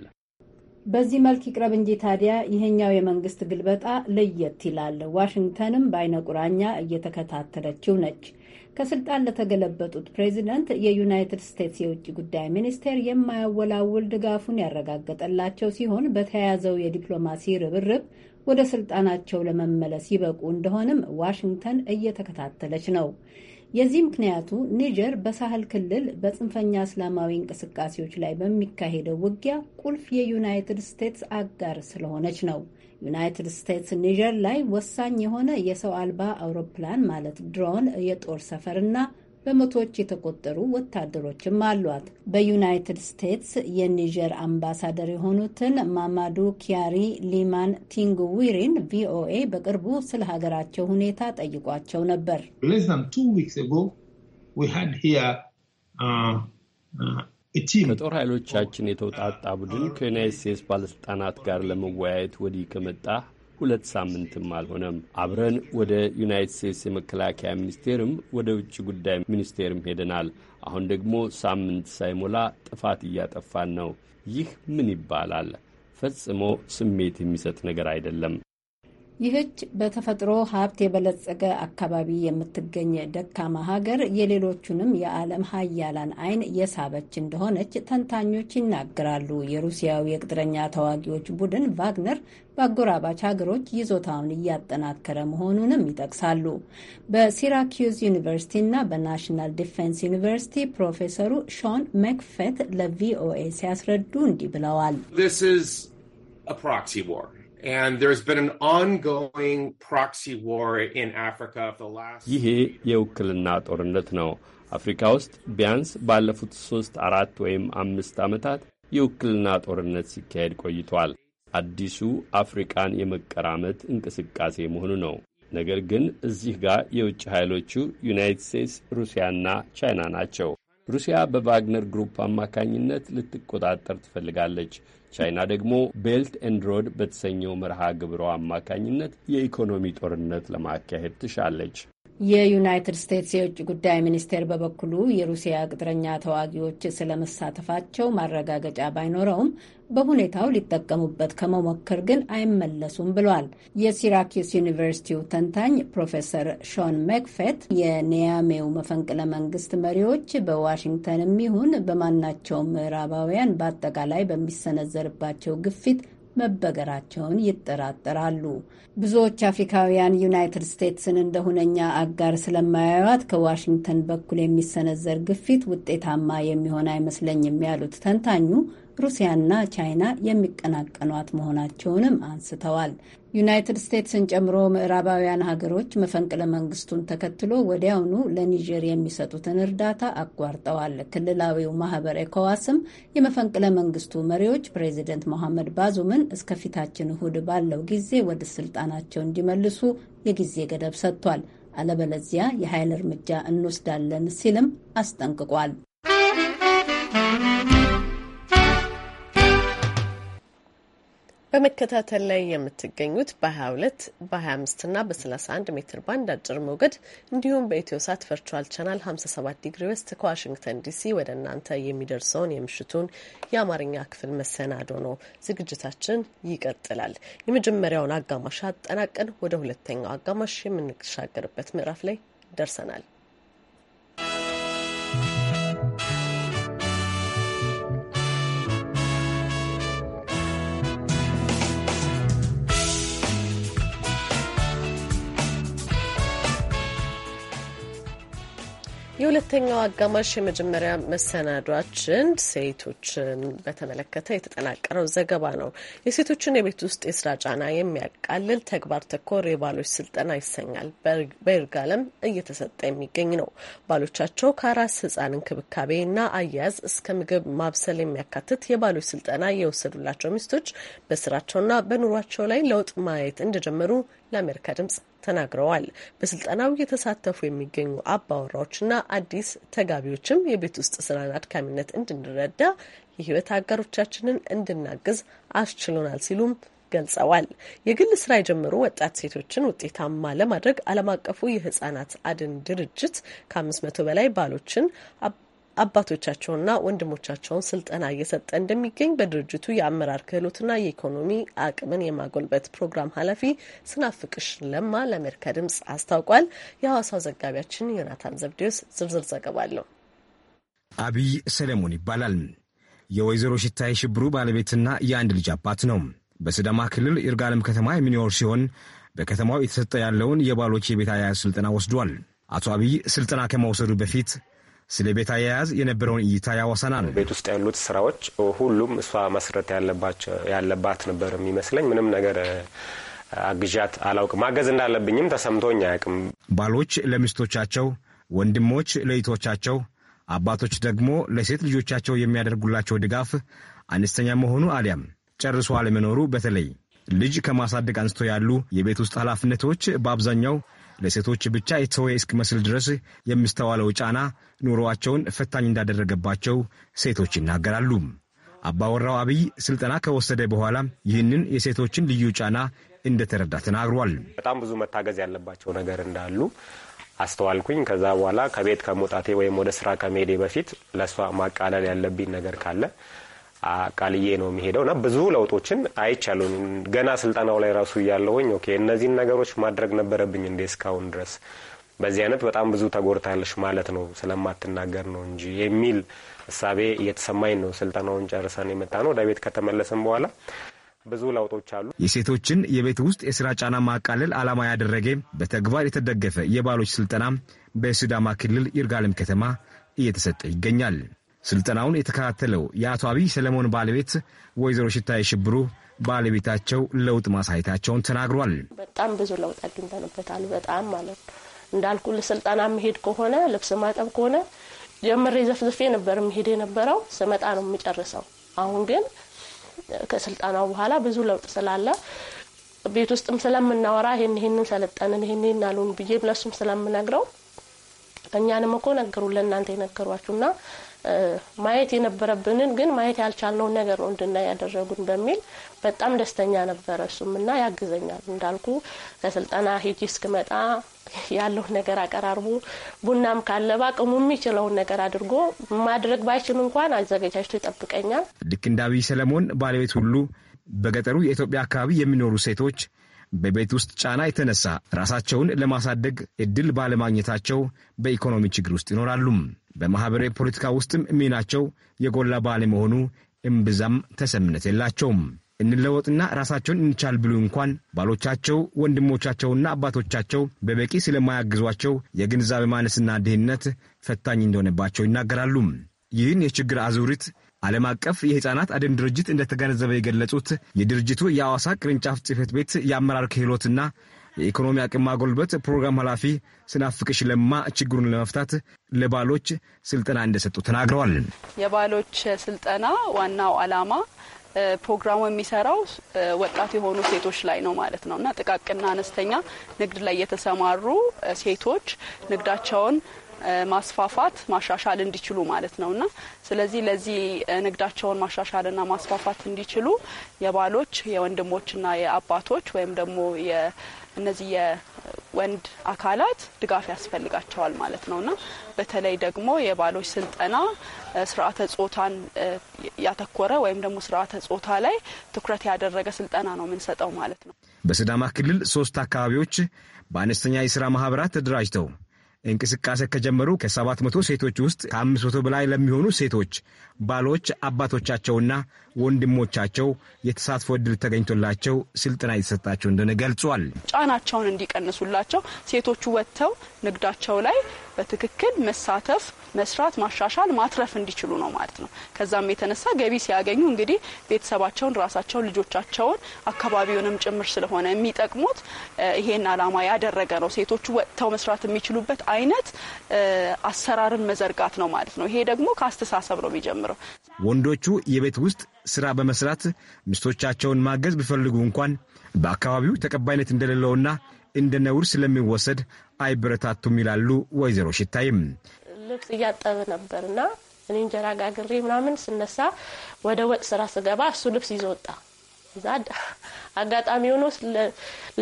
[SPEAKER 13] በዚህ መልክ ይቅረብ እንጂ ታዲያ ይሄኛው የመንግስት ግልበጣ ለየት ይላል። ዋሽንግተንም በአይነ ቁራኛ እየተከታተለችው ነች። ከስልጣን ለተገለበጡት ፕሬዚደንት የዩናይትድ ስቴትስ የውጭ ጉዳይ ሚኒስቴር የማያወላውል ድጋፉን ያረጋገጠላቸው ሲሆን በተያያዘው የዲፕሎማሲ ርብርብ ወደ ስልጣናቸው ለመመለስ ይበቁ እንደሆነም ዋሽንግተን እየተከታተለች ነው። የዚህ ምክንያቱ ኒጀር በሳህል ክልል በጽንፈኛ እስላማዊ እንቅስቃሴዎች ላይ በሚካሄደው ውጊያ ቁልፍ የዩናይትድ ስቴትስ አጋር ስለሆነች ነው። ዩናይትድ ስቴትስ ኒጀር ላይ ወሳኝ የሆነ የሰው አልባ አውሮፕላን ማለት ድሮን የጦር ሰፈርና በመቶዎች የተቆጠሩ ወታደሮችም አሏት። በዩናይትድ ስቴትስ የኒጀር አምባሳደር የሆኑትን ማማዱ ኪያሪ ሊማን ቲንጉዊሪን ቪኦኤ በቅርቡ ስለ ሀገራቸው ሁኔታ ጠይቋቸው ነበር።
[SPEAKER 9] uh, uh, ከጦር ኃይሎቻችን የተውጣጣ ቡድን ከዩናይት ስቴትስ ባለስልጣናት ጋር ለመወያየት ወዲህ ከመጣ ሁለት ሳምንትም አልሆነም። አብረን ወደ ዩናይት ስቴትስ የመከላከያ ሚኒስቴርም ወደ ውጭ ጉዳይ ሚኒስቴርም ሄደናል። አሁን ደግሞ ሳምንት ሳይሞላ ጥፋት እያጠፋን ነው። ይህ ምን ይባላል? ፈጽሞ ስሜት የሚሰጥ ነገር አይደለም።
[SPEAKER 13] ይህች በተፈጥሮ ሀብት የበለጸገ አካባቢ የምትገኝ ደካማ ሀገር የሌሎቹንም የዓለም ሀያላን አይን የሳበች እንደሆነች ተንታኞች ይናገራሉ። የሩሲያው የቅጥረኛ ተዋጊዎች ቡድን ቫግነር በአጎራባች ሀገሮች ይዞታውን እያጠናከረ መሆኑንም ይጠቅሳሉ። በሲራኪዩዝ እና በናሽናል ዲፌንስ ዩኒቨርሲቲ ፕሮፌሰሩ ሾን መክፌት ለቪኦኤ ሲያስረዱ እንዲህ ብለዋል።
[SPEAKER 9] ይሄ የውክልና ጦርነት ነው። አፍሪካ ውስጥ ቢያንስ ባለፉት ሦስት አራት ወይም አምስት ዓመታት የውክልና ጦርነት ሲካሄድ ቆይቷል። አዲሱ አፍሪቃን የመቀራመት እንቅስቃሴ መሆኑ ነው። ነገር ግን እዚህ ጋር የውጭ ኃይሎቹ ዩናይትድ ስቴትስ፣ ሩሲያና ቻይና ናቸው። ሩሲያ በቫግነር ግሩፕ አማካኝነት ልትቆጣጠር ትፈልጋለች። ቻይና ደግሞ ቤልት ኤንድ ሮድ በተሰኘው መርሃ ግብሯ አማካኝነት የኢኮኖሚ ጦርነት ለማካሄድ ትሻለች።
[SPEAKER 13] የዩናይትድ ስቴትስ የውጭ ጉዳይ ሚኒስቴር በበኩሉ የሩሲያ ቅጥረኛ ተዋጊዎች ስለመሳተፋቸው ማረጋገጫ ባይኖረውም በሁኔታው ሊጠቀሙበት ከመሞከር ግን አይመለሱም ብሏል። የሲራኪስ ዩኒቨርሲቲው ተንታኝ ፕሮፌሰር ሾን መክፌት የኒያሜው መፈንቅለ መንግስት መሪዎች በዋሽንግተንም ይሁን በማናቸው ምዕራባውያን በአጠቃላይ በሚሰነዘርባቸው ግፊት መበገራቸውን ይጠራጠራሉ። ብዙዎች አፍሪካውያን ዩናይትድ ስቴትስን እንደ ሁነኛ አጋር ስለማያዩት ከዋሽንግተን በኩል የሚሰነዘር ግፊት ውጤታማ የሚሆን አይመስለኝም ያሉት ተንታኙ ሩሲያና ቻይና የሚቀናቀኗት መሆናቸውንም አንስተዋል። ዩናይትድ ስቴትስን ጨምሮ ምዕራባውያን ሀገሮች መፈንቅለ መንግስቱን ተከትሎ ወዲያውኑ ለኒጀር የሚሰጡትን እርዳታ አቋርጠዋል። ክልላዊው ማህበር ኤኮዋስም የመፈንቅለ መንግስቱ መሪዎች ፕሬዚደንት ሞሐመድ ባዙምን እስከፊታችን እሁድ ባለው ጊዜ ወደ ስልጣናቸው እንዲመልሱ የጊዜ ገደብ ሰጥቷል። አለበለዚያ የኃይል እርምጃ እንወስዳለን ሲልም አስጠንቅቋል።
[SPEAKER 1] በመከታተል ላይ የምትገኙት በ22 በ25 እና በ31 ሜትር ባንድ አጭር ሞገድ እንዲሁም በኢትዮ ሳት ቨርቹዋል ቻናል 57 ዲግሪ ዌስት ከዋሽንግተን ዲሲ ወደ እናንተ የሚደርሰውን የምሽቱን የአማርኛ ክፍል መሰናዶ ነው። ዝግጅታችን ይቀጥላል። የመጀመሪያውን አጋማሽ አጠናቀን ወደ ሁለተኛው አጋማሽ የምንሻገርበት ምዕራፍ ላይ ደርሰናል። የሁለተኛው አጋማሽ የመጀመሪያ መሰናዷችን ሴቶችን በተመለከተ የተጠናቀረው ዘገባ ነው። የሴቶችን የቤት ውስጥ የስራ ጫና የሚያቃልል ተግባር ተኮር የባሎች ስልጠና ይሰኛል። በይርጋለም እየተሰጠ የሚገኝ ነው። ባሎቻቸው ከአራስ እንክብካቤ እንክብካቤና አያያዝ እስከ ምግብ ማብሰል የሚያካትት የባሎች ስልጠና የወሰዱላቸው ሚስቶች በስራቸውና በኑሯቸው ላይ ለውጥ ማየት እንደጀመሩ ለአሜሪካ ድምጽ ተናግረዋል። በስልጠናው እየተሳተፉ የሚገኙ አባወራዎችና አዲስ ተጋቢዎችም የቤት ውስጥ ስራን አድካሚነት እንድንረዳ የህይወት አጋሮቻችንን እንድናግዝ አስችሎናል ሲሉም ገልጸዋል። የግል ስራ የጀመሩ ወጣት ሴቶችን ውጤታማ ለማድረግ ዓለም አቀፉ የህጻናት አድን ድርጅት ከአምስት መቶ በላይ ባሎችን አባቶቻቸውና ወንድሞቻቸውን ስልጠና እየሰጠ እንደሚገኝ በድርጅቱ የአመራር ክህሎትና የኢኮኖሚ አቅምን የማጎልበት ፕሮግራም ኃላፊ ስናፍቅሽ ለማ ለአሜሪካ ድምጽ አስታውቋል። የሐዋሳው ዘጋቢያችን ዮናታን ዘብዴዎስ ዝርዝር ዘገባ አለው።
[SPEAKER 10] አብይ ሰለሞን ይባላል። የወይዘሮ ሽታይ ሽብሩ ባለቤትና የአንድ ልጅ አባት ነው። በስዳማ ክልል ይርጋለም ከተማ የሚኖር ሲሆን በከተማው የተሰጠ ያለውን የባሎች የቤት አያያዝ ስልጠና ወስዷል። አቶ አብይ ስልጠና ከመውሰዱ በፊት ስለ ቤት አያያዝ የነበረውን እይታ ያወሰናል።
[SPEAKER 4] ቤት ውስጥ ያሉት ስራዎች ሁሉም እሷ መስረት ያለባት ነበር የሚመስለኝ። ምንም ነገር አግዣት አላውቅም። ማገዝ እንዳለብኝም ተሰምቶኝ አያውቅም።
[SPEAKER 10] ባሎች ለሚስቶቻቸው፣ ወንድሞች ለይቶቻቸው አባቶች ደግሞ ለሴት ልጆቻቸው የሚያደርጉላቸው ድጋፍ አነስተኛ መሆኑ አሊያም ጨርሶ አለመኖሩ በተለይ ልጅ ከማሳደግ አንስቶ ያሉ የቤት ውስጥ ኃላፊነቶች በአብዛኛው ለሴቶች ብቻ የተወ እስኪመስል ድረስ የሚስተዋለው ጫና ኑሮአቸውን ፈታኝ እንዳደረገባቸው ሴቶች ይናገራሉ። አባወራው አብይ ስልጠና ከወሰደ በኋላ ይህንን የሴቶችን ልዩ ጫና እንደተረዳ ተናግሯል።
[SPEAKER 4] በጣም ብዙ መታገዝ ያለባቸው ነገር እንዳሉ አስተዋልኩኝ። ከዛ በኋላ ከቤት ከመውጣቴ ወይም ወደ ስራ ከመሄዴ በፊት ለእሷ ማቃለል ያለብኝ ነገር ካለ አቃልዬ ነው የሚሄደው እና ብዙ ለውጦችን አይቻለሁ። ገና ስልጠናው ላይ ራሱ እያለሁኝ ኦኬ እነዚህን ነገሮች ማድረግ ነበረብኝ እንዴ እስካሁን ድረስ በዚህ አይነት በጣም ብዙ ተጎድታለሽ ማለት ነው ስለማትናገር ነው እንጂ የሚል እሳቤ እየተሰማኝ ነው። ስልጠናውን ጨርሰን የመጣ ነው ወደ ቤት ከተመለስን በኋላ ብዙ ለውጦች አሉ።
[SPEAKER 10] የሴቶችን የቤት ውስጥ የስራ ጫና ማቃለል ዓላማ ያደረገ በተግባር የተደገፈ የባሎች ስልጠና በሲዳማ ክልል ይርጋለም ከተማ እየተሰጠ ይገኛል። ስልጠናውን የተከታተለው የአቶ አብይ ሰለሞን ባለቤት ወይዘሮ ሽታዬ ሽብሩ ባለቤታቸው ለውጥ ማሳየታቸውን ተናግሯል።
[SPEAKER 14] በጣም ብዙ ለውጥ አግኝተንበታል። በጣም ማለት እንዳልኩ ለስልጠና መሄድ ከሆነ ልብስ ማጠብ ከሆነ ጀምሬ ዘፍዝፌ ነበር መሄድ የነበረው ስመጣ ነው የሚጨርሰው። አሁን ግን ከስልጠናው በኋላ ብዙ ለውጥ ስላለ ቤት ውስጥም ስለምናወራ ይህን ይህንን ሰለጠንን ይህን ይህን አሉን ብዬ ለሱም ስለምነግረው እኛንም እኮ ነገሩ ለእናንተ የነገሯችሁና ማየት የነበረብንን ግን ማየት ያልቻልነውን ነገር ነው እንድናይ ያደረጉን በሚል በጣም ደስተኛ ነበረ። እሱም እና ያግዘኛል እንዳልኩ ከስልጠና ሂጂ እስክመጣ ያለው ነገር አቀራርቦ ቡናም ካለ በአቅሙ የሚችለውን ነገር አድርጎ ማድረግ ባይችል እንኳን አዘገጃጅቶ ይጠብቀኛል።
[SPEAKER 10] ልክ እንደ አብይ ሰለሞን ባለቤት ሁሉ በገጠሩ የኢትዮጵያ አካባቢ የሚኖሩ ሴቶች በቤት ውስጥ ጫና የተነሳ ራሳቸውን ለማሳደግ እድል ባለማግኘታቸው በኢኮኖሚ ችግር ውስጥ ይኖራሉ። በማኅበራዊ ፖለቲካ ውስጥም ሚናቸው የጎላ ባለመሆኑ እምብዛም ተሰምነት የላቸውም። እንለወጥና ራሳቸውን እንቻል ብሉ እንኳን ባሎቻቸው ወንድሞቻቸውና አባቶቻቸው በበቂ ስለማያግዟቸው የግንዛቤ ማነስና ድህነት ፈታኝ እንደሆነባቸው ይናገራሉ። ይህን የችግር አዙሪት ዓለም አቀፍ የሕፃናት አድን ድርጅት እንደተገነዘበ የገለጹት የድርጅቱ የአዋሳ ቅርንጫፍ ጽሕፈት ቤት የአመራር ክህሎትና የኢኮኖሚ አቅም ማጎልበት ፕሮግራም ኃላፊ ስናፍቅሽ ለማ ችግሩን ለመፍታት ለባሎች ስልጠና እንደሰጡ ተናግረዋል።
[SPEAKER 15] የባሎች ስልጠና ዋናው ዓላማ ፕሮግራሙ የሚሰራው ወጣት የሆኑ ሴቶች ላይ ነው ማለት ነው እና ጥቃቅንና አነስተኛ ንግድ ላይ የተሰማሩ ሴቶች ንግዳቸውን ማስፋፋት ማሻሻል እንዲችሉ ማለት ነው እና ስለዚህ ለዚህ ንግዳቸውን ማሻሻልና ማስፋፋት እንዲችሉ የባሎች የወንድሞችና የአባቶች ወይም ደግሞ እነዚህ የወንድ አካላት ድጋፍ ያስፈልጋቸዋል ማለት ነውና በተለይ ደግሞ የባሎች ስልጠና ስርዓተ ጾታን ያተኮረ ወይም ደግሞ ስርዓተ ጾታ ላይ ትኩረት ያደረገ ስልጠና ነው የምንሰጠው ማለት ነው።
[SPEAKER 10] በሲዳማ ክልል ሶስት አካባቢዎች በአነስተኛ የስራ ማህበራት ተደራጅተው እንቅስቃሴ ከጀመሩ ከሰባት መቶ ሴቶች ውስጥ ከ መቶ በላይ ለሚሆኑ ሴቶች ባሎች አባቶቻቸውና ወንድሞቻቸው የተሳትፎ እድል ተገኝቶላቸው ስልጠና የተሰጣቸው እንደሆነ ገልጿል።
[SPEAKER 15] ጫናቸውን እንዲቀንሱላቸው ሴቶቹ ወጥተው ንግዳቸው ላይ በትክክል መሳተፍ፣ መስራት፣ ማሻሻል፣ ማትረፍ እንዲችሉ ነው ማለት ነው። ከዛም የተነሳ ገቢ ሲያገኙ እንግዲህ ቤተሰባቸውን፣ ራሳቸውን፣ ልጆቻቸውን፣ አካባቢውንም ጭምር ስለሆነ የሚጠቅሙት ይሄን አላማ ያደረገ ነው። ሴቶቹ ወጥተው መስራት የሚችሉበት አይነት አሰራርን መዘርጋት ነው ማለት ነው። ይሄ ደግሞ ከአስተሳሰብ ነው የሚጀምረው።
[SPEAKER 10] ወንዶቹ የቤት ውስጥ ስራ በመስራት ሚስቶቻቸውን ማገዝ ቢፈልጉ እንኳን በአካባቢው ተቀባይነት እንደሌለውና እንደ ነውር ስለሚወሰድ አይበረታቱም ይላሉ ወይዘሮ ሽታይም።
[SPEAKER 14] ልብስ እያጠበ ነበርና እኔ እንጀራ ጋግሬ ምናምን ስነሳ ወደ ወጥ ስራ ስገባ እሱ ልብስ ይዞ ወጣ። እዛ አጋጣሚ ሆኖ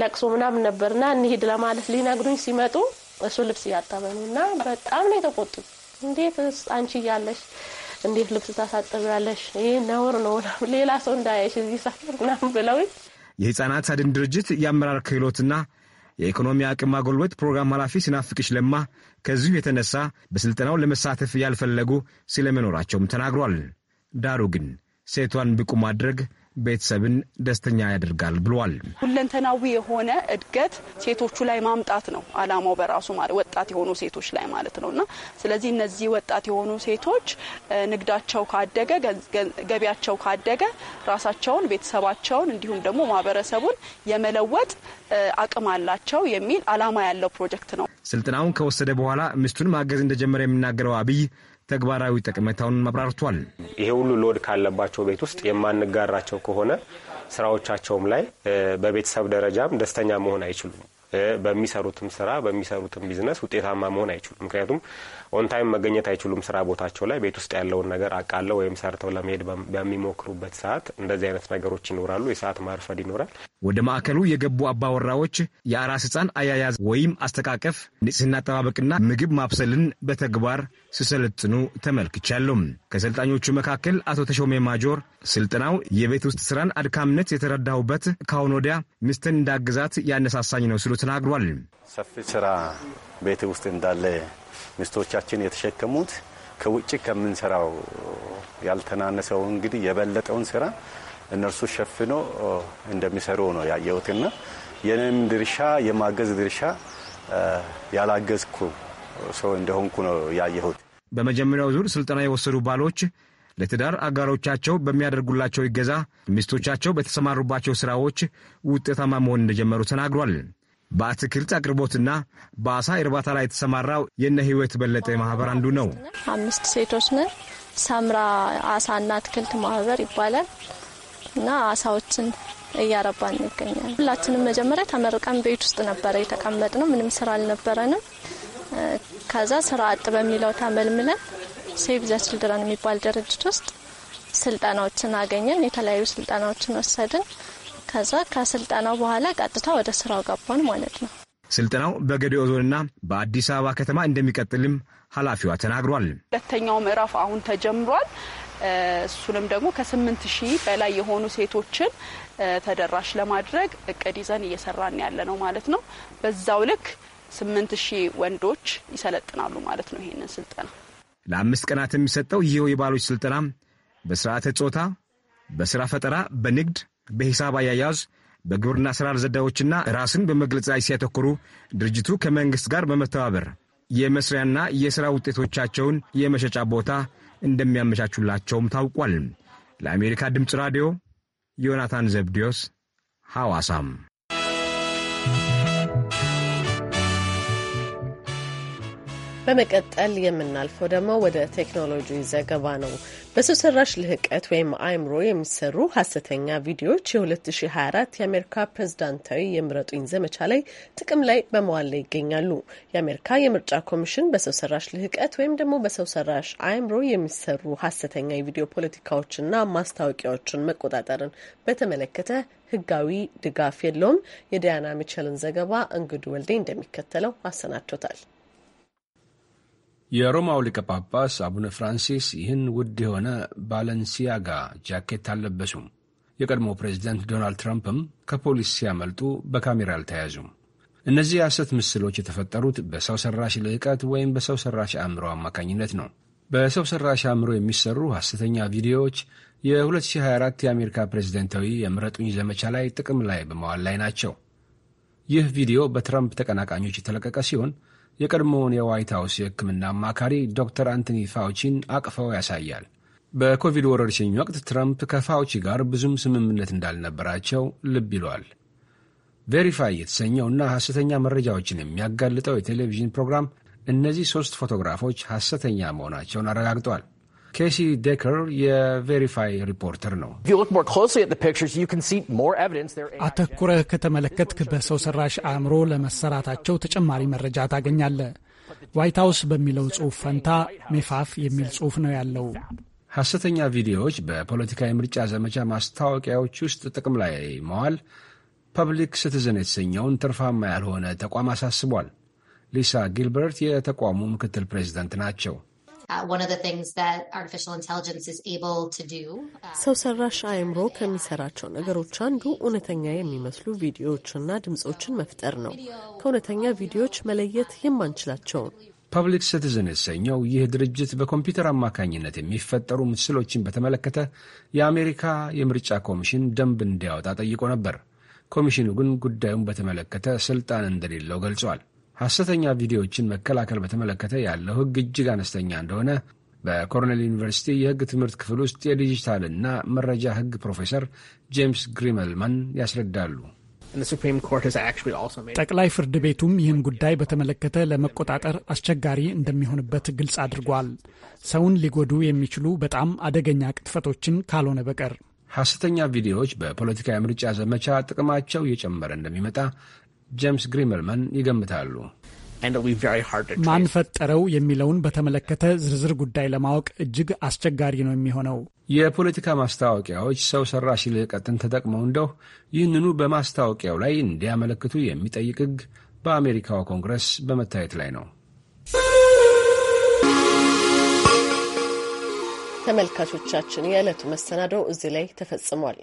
[SPEAKER 14] ለቅሶ ምናምን ነበርና እንሂድ ለማለት ሊነግሩኝ ሲመጡ እሱ ልብስ እያጠበ ነው እና በጣም ነው የተቆጡት። እንዴት አንቺ እያለሽ እንዴት ልብስ ታሳጥቢያለሽ? ይህ ነውር ነው፣ ሌላ ሰው እንዳያይሽ እዚህ ሰፈር ምናምን ብለው
[SPEAKER 10] የህፃናት አድን ድርጅት የአመራር ክህሎትና የኢኮኖሚ አቅም ማጎልበት ፕሮግራም ኃላፊ ሲናፍቅሽ ለማ ከዚሁ የተነሳ በስልጠናው ለመሳተፍ ያልፈለጉ ስለመኖራቸውም ተናግሯል። ዳሩ ግን ሴቷን ብቁ ማድረግ ቤተሰብን ደስተኛ ያደርጋል ብሏል።
[SPEAKER 15] ሁለንተናዊ የሆነ እድገት ሴቶቹ ላይ ማምጣት ነው አላማው በራሱ ማለት ወጣት የሆኑ ሴቶች ላይ ማለት ነው እና ስለዚህ እነዚህ ወጣት የሆኑ ሴቶች ንግዳቸው ካደገ፣ ገቢያቸው ካደገ ራሳቸውን፣ ቤተሰባቸውን እንዲሁም ደግሞ ማህበረሰቡን የመለወጥ አቅም አላቸው የሚል አላማ ያለው ፕሮጀክት ነው።
[SPEAKER 10] ስልጠናውን ከወሰደ በኋላ ሚስቱን ማገዝ እንደጀመረ የሚናገረው አብይ ተግባራዊ ጠቀሜታውን መብራርቷል።
[SPEAKER 4] ይሄ ሁሉ ሎድ ካለባቸው ቤት ውስጥ የማንጋራቸው ከሆነ ስራዎቻቸውም ላይ በቤተሰብ ደረጃም ደስተኛ መሆን አይችሉም። በሚሰሩትም ስራ በሚሰሩትም ቢዝነስ ውጤታማ መሆን አይችሉም። ምክንያቱም ኦንታይም መገኘት አይችሉም ስራ ቦታቸው ላይ ቤት ውስጥ ያለውን ነገር አቃለው ወይም ሰርተው ለመሄድ በሚሞክሩበት ሰዓት እንደዚህ አይነት ነገሮች ይኖራሉ። የሰዓት ማርፈድ ይኖራል።
[SPEAKER 10] ወደ ማዕከሉ የገቡ
[SPEAKER 4] አባወራዎች የአራስ ህፃን አያያዝ ወይም
[SPEAKER 10] አስተቃቀፍ፣ ንጽህና አጠባበቅና ምግብ ማብሰልን በተግባር ሲሰለጥኑ ተመልክቻለሁ። ከሰልጣኞቹ መካከል አቶ ተሾሜ ማጆር ስልጠናው የቤት ውስጥ ስራን አድካምነት የተረዳሁበት ከአሁን ወዲያ ሚስትን እንዳግዛት ያነሳሳኝ ነው ሲሉ ተናግሯል።
[SPEAKER 9] ሰፊ ስራ ቤት ውስጥ እንዳለ ሚስቶቻችን የተሸከሙት ከውጭ ከምንሰራው ያልተናነሰው እንግዲህ የበለጠውን ስራ እነርሱ ሸፍኖ እንደሚሰሩ ነው ያየሁትና የኔም ድርሻ የማገዝ ድርሻ ያላገዝኩ ሰው እንደሆንኩ ነው ያየሁት።
[SPEAKER 10] በመጀመሪያው ዙር ስልጠና የወሰዱ ባሎች ለትዳር አጋሮቻቸው በሚያደርጉላቸው ይገዛ ሚስቶቻቸው በተሰማሩባቸው ሥራዎች ውጤታማ መሆን እንደጀመሩ ተናግሯል። በአትክልት አቅርቦትና በአሳ እርባታ ላይ የተሰማራው የነ ህይወት በለጠ ማህበር አንዱ ነው።
[SPEAKER 14] አምስት ሴቶች ነን። ሳምራ አሳና አትክልት ማህበር ይባላል እና አሳዎችን እያረባ እንገኛለን። ሁላችንም መጀመሪያ ተመርቀን ቤት ውስጥ ነበረ የተቀመጥነው። ምንም ስራ አልነበረንም። ከዛ ስራ አጥ በሚለው ተመልምለን ሴቭ ዘ ችልድረን የሚባል ድርጅት ውስጥ ስልጠናዎችን አገኘን። የተለያዩ ስልጠናዎችን ወሰድን።
[SPEAKER 15] ከዛ ከስልጠናው በኋላ ቀጥታ ወደ ስራው ገባን ማለት ነው።
[SPEAKER 10] ስልጠናው በገዲኦ ዞንና በአዲስ አበባ ከተማ እንደሚቀጥልም ኃላፊዋ ተናግሯል።
[SPEAKER 15] ሁለተኛው ምዕራፍ አሁን ተጀምሯል። እሱንም ደግሞ ከስምንት ሺህ በላይ የሆኑ ሴቶችን ተደራሽ ለማድረግ እቅድ ይዘን እየሰራን ያለ ነው ማለት ነው። በዛው ልክ ስምንት ሺህ ወንዶች ይሰለጥናሉ ማለት ነው። ይሄንን ስልጠና
[SPEAKER 10] ለአምስት ቀናት የሚሰጠው ይኸው የባሎች ስልጠና በስርዓተ ጾታ፣ በስራ ፈጠራ፣ በንግድ፣ በሂሳብ አያያዝ፣ በግብርና ስራ ዘዴዎችና ራስን በመግለጽ ላይ ሲያተኩሩ ድርጅቱ ከመንግስት ጋር በመተባበር የመስሪያና የሥራ ውጤቶቻቸውን የመሸጫ ቦታ እንደሚያመቻቹላቸውም ታውቋል። ለአሜሪካ ድምፅ ራዲዮ ዮናታን ዘብዲዮስ ሐዋሳም
[SPEAKER 1] በመቀጠል የምናልፈው ደግሞ ወደ ቴክኖሎጂ ዘገባ ነው። በሰው ሰራሽ ልህቀት ወይም አእምሮ የሚሰሩ ሀሰተኛ ቪዲዮዎች የ2024 የአሜሪካ ፕሬዝዳንታዊ የምረጡኝ ዘመቻ ላይ ጥቅም ላይ በመዋል ላይ ይገኛሉ። የአሜሪካ የምርጫ ኮሚሽን በሰው ሰራሽ ልህቀት ወይም ደግሞ በሰው ሰራሽ አእምሮ የሚሰሩ ሀሰተኛ የቪዲዮ ፖለቲካዎችና ማስታወቂያዎችን መቆጣጠርን በተመለከተ ህጋዊ ድጋፍ የለውም። የዲያና ሚቸልን ዘገባ እንግዱ ወልዴ እንደሚከተለው አሰናድቶታል።
[SPEAKER 6] የሮማው ሊቀ ጳጳስ አቡነ ፍራንሲስ ይህን ውድ የሆነ ባለንሲያጋ ጃኬት አልለበሱም። የቀድሞ ፕሬዚደንት ዶናልድ ትራምፕም ከፖሊስ ሲያመልጡ በካሜራ አልተያዙም። እነዚህ የሐሰት ምስሎች የተፈጠሩት በሰው ሠራሽ ልዕቀት ወይም በሰው ሠራሽ አእምሮ አማካኝነት ነው። በሰው ሠራሽ አእምሮ የሚሠሩ ሐሰተኛ ቪዲዮዎች የ2024 የአሜሪካ ፕሬዝደንታዊ የምረጡኝ ዘመቻ ላይ ጥቅም ላይ በመዋል ላይ ናቸው። ይህ ቪዲዮ በትራምፕ ተቀናቃኞች የተለቀቀ ሲሆን የቀድሞውን የዋይት ሀውስ የሕክምና አማካሪ ዶክተር አንቶኒ ፋውቺን አቅፈው ያሳያል። በኮቪድ ወረርሽኝ ወቅት ትራምፕ ከፋውቺ ጋር ብዙም ስምምነት እንዳልነበራቸው ልብ ይሏል። ቬሪፋይ የተሰኘውና ሐሰተኛ መረጃዎችን የሚያጋልጠው የቴሌቪዥን ፕሮግራም እነዚህ ሦስት ፎቶግራፎች ሐሰተኛ መሆናቸውን አረጋግጧል። ኬሲ ዴከር የቬሪፋይ ሪፖርተር ነው።
[SPEAKER 16] አተኩረህ ከተመለከትክ በሰው ሰራሽ አእምሮ ለመሰራታቸው ተጨማሪ መረጃ ታገኛለህ። ዋይት ሀውስ በሚለው ጽሑፍ ፈንታ ሜፋፍ የሚል ጽሑፍ ነው ያለው።
[SPEAKER 6] ሐሰተኛ ቪዲዮዎች በፖለቲካ የምርጫ ዘመቻ ማስታወቂያዎች ውስጥ ጥቅም ላይ መዋል ፐብሊክ ሲቲዝን የተሰኘውን ትርፋማ ያልሆነ ተቋም አሳስቧል። ሊሳ ጊልበርት የተቋሙ ምክትል ፕሬዚደንት ናቸው።
[SPEAKER 1] ሰው ሰራሽ አእምሮ ከሚሰራቸው ነገሮች አንዱ እውነተኛ የሚመስሉ ቪዲዮዎችና ድምፆችን መፍጠር ነው። ከእውነተኛ ቪዲዮዎች መለየት የማንችላቸውን
[SPEAKER 6] ፐብሊክ ሲቲዝን የተሰኘው ይህ ድርጅት በኮምፒውተር አማካኝነት የሚፈጠሩ ምስሎችን በተመለከተ የአሜሪካ የምርጫ ኮሚሽን ደንብ እንዲያወጣ ጠይቆ ነበር። ኮሚሽኑ ግን ጉዳዩን በተመለከተ ስልጣን እንደሌለው ገልጿል። ሐሰተኛ ቪዲዮዎችን መከላከል በተመለከተ ያለው ሕግ እጅግ አነስተኛ እንደሆነ በኮርኔል ዩኒቨርሲቲ የሕግ ትምህርት ክፍል ውስጥ የዲጂታልና መረጃ ሕግ ፕሮፌሰር ጄምስ ግሪመልማን ያስረዳሉ።
[SPEAKER 16] ጠቅላይ ፍርድ ቤቱም ይህን ጉዳይ በተመለከተ ለመቆጣጠር አስቸጋሪ እንደሚሆንበት ግልጽ አድርጓል። ሰውን ሊጎዱ የሚችሉ በጣም አደገኛ ቅጥፈቶችን ካልሆነ በቀር
[SPEAKER 6] ሐሰተኛ ቪዲዮዎች በፖለቲካ የምርጫ ዘመቻ ጥቅማቸው እየጨመረ እንደሚመጣ ጄምስ ግሪመልመን ይገምታሉ። ማን
[SPEAKER 16] ፈጠረው የሚለውን በተመለከተ ዝርዝር ጉዳይ ለማወቅ እጅግ አስቸጋሪ ነው የሚሆነው።
[SPEAKER 6] የፖለቲካ ማስታወቂያዎች ሰው ሰራሽ ልዕቀትን ተጠቅመው እንደው ይህንኑ በማስታወቂያው ላይ እንዲያመለክቱ የሚጠይቅ ሕግ በአሜሪካው ኮንግረስ በመታየት ላይ ነው።
[SPEAKER 1] ተመልካቾቻችን፣ የዕለቱ መሰናዶው እዚህ ላይ ተፈጽሟል።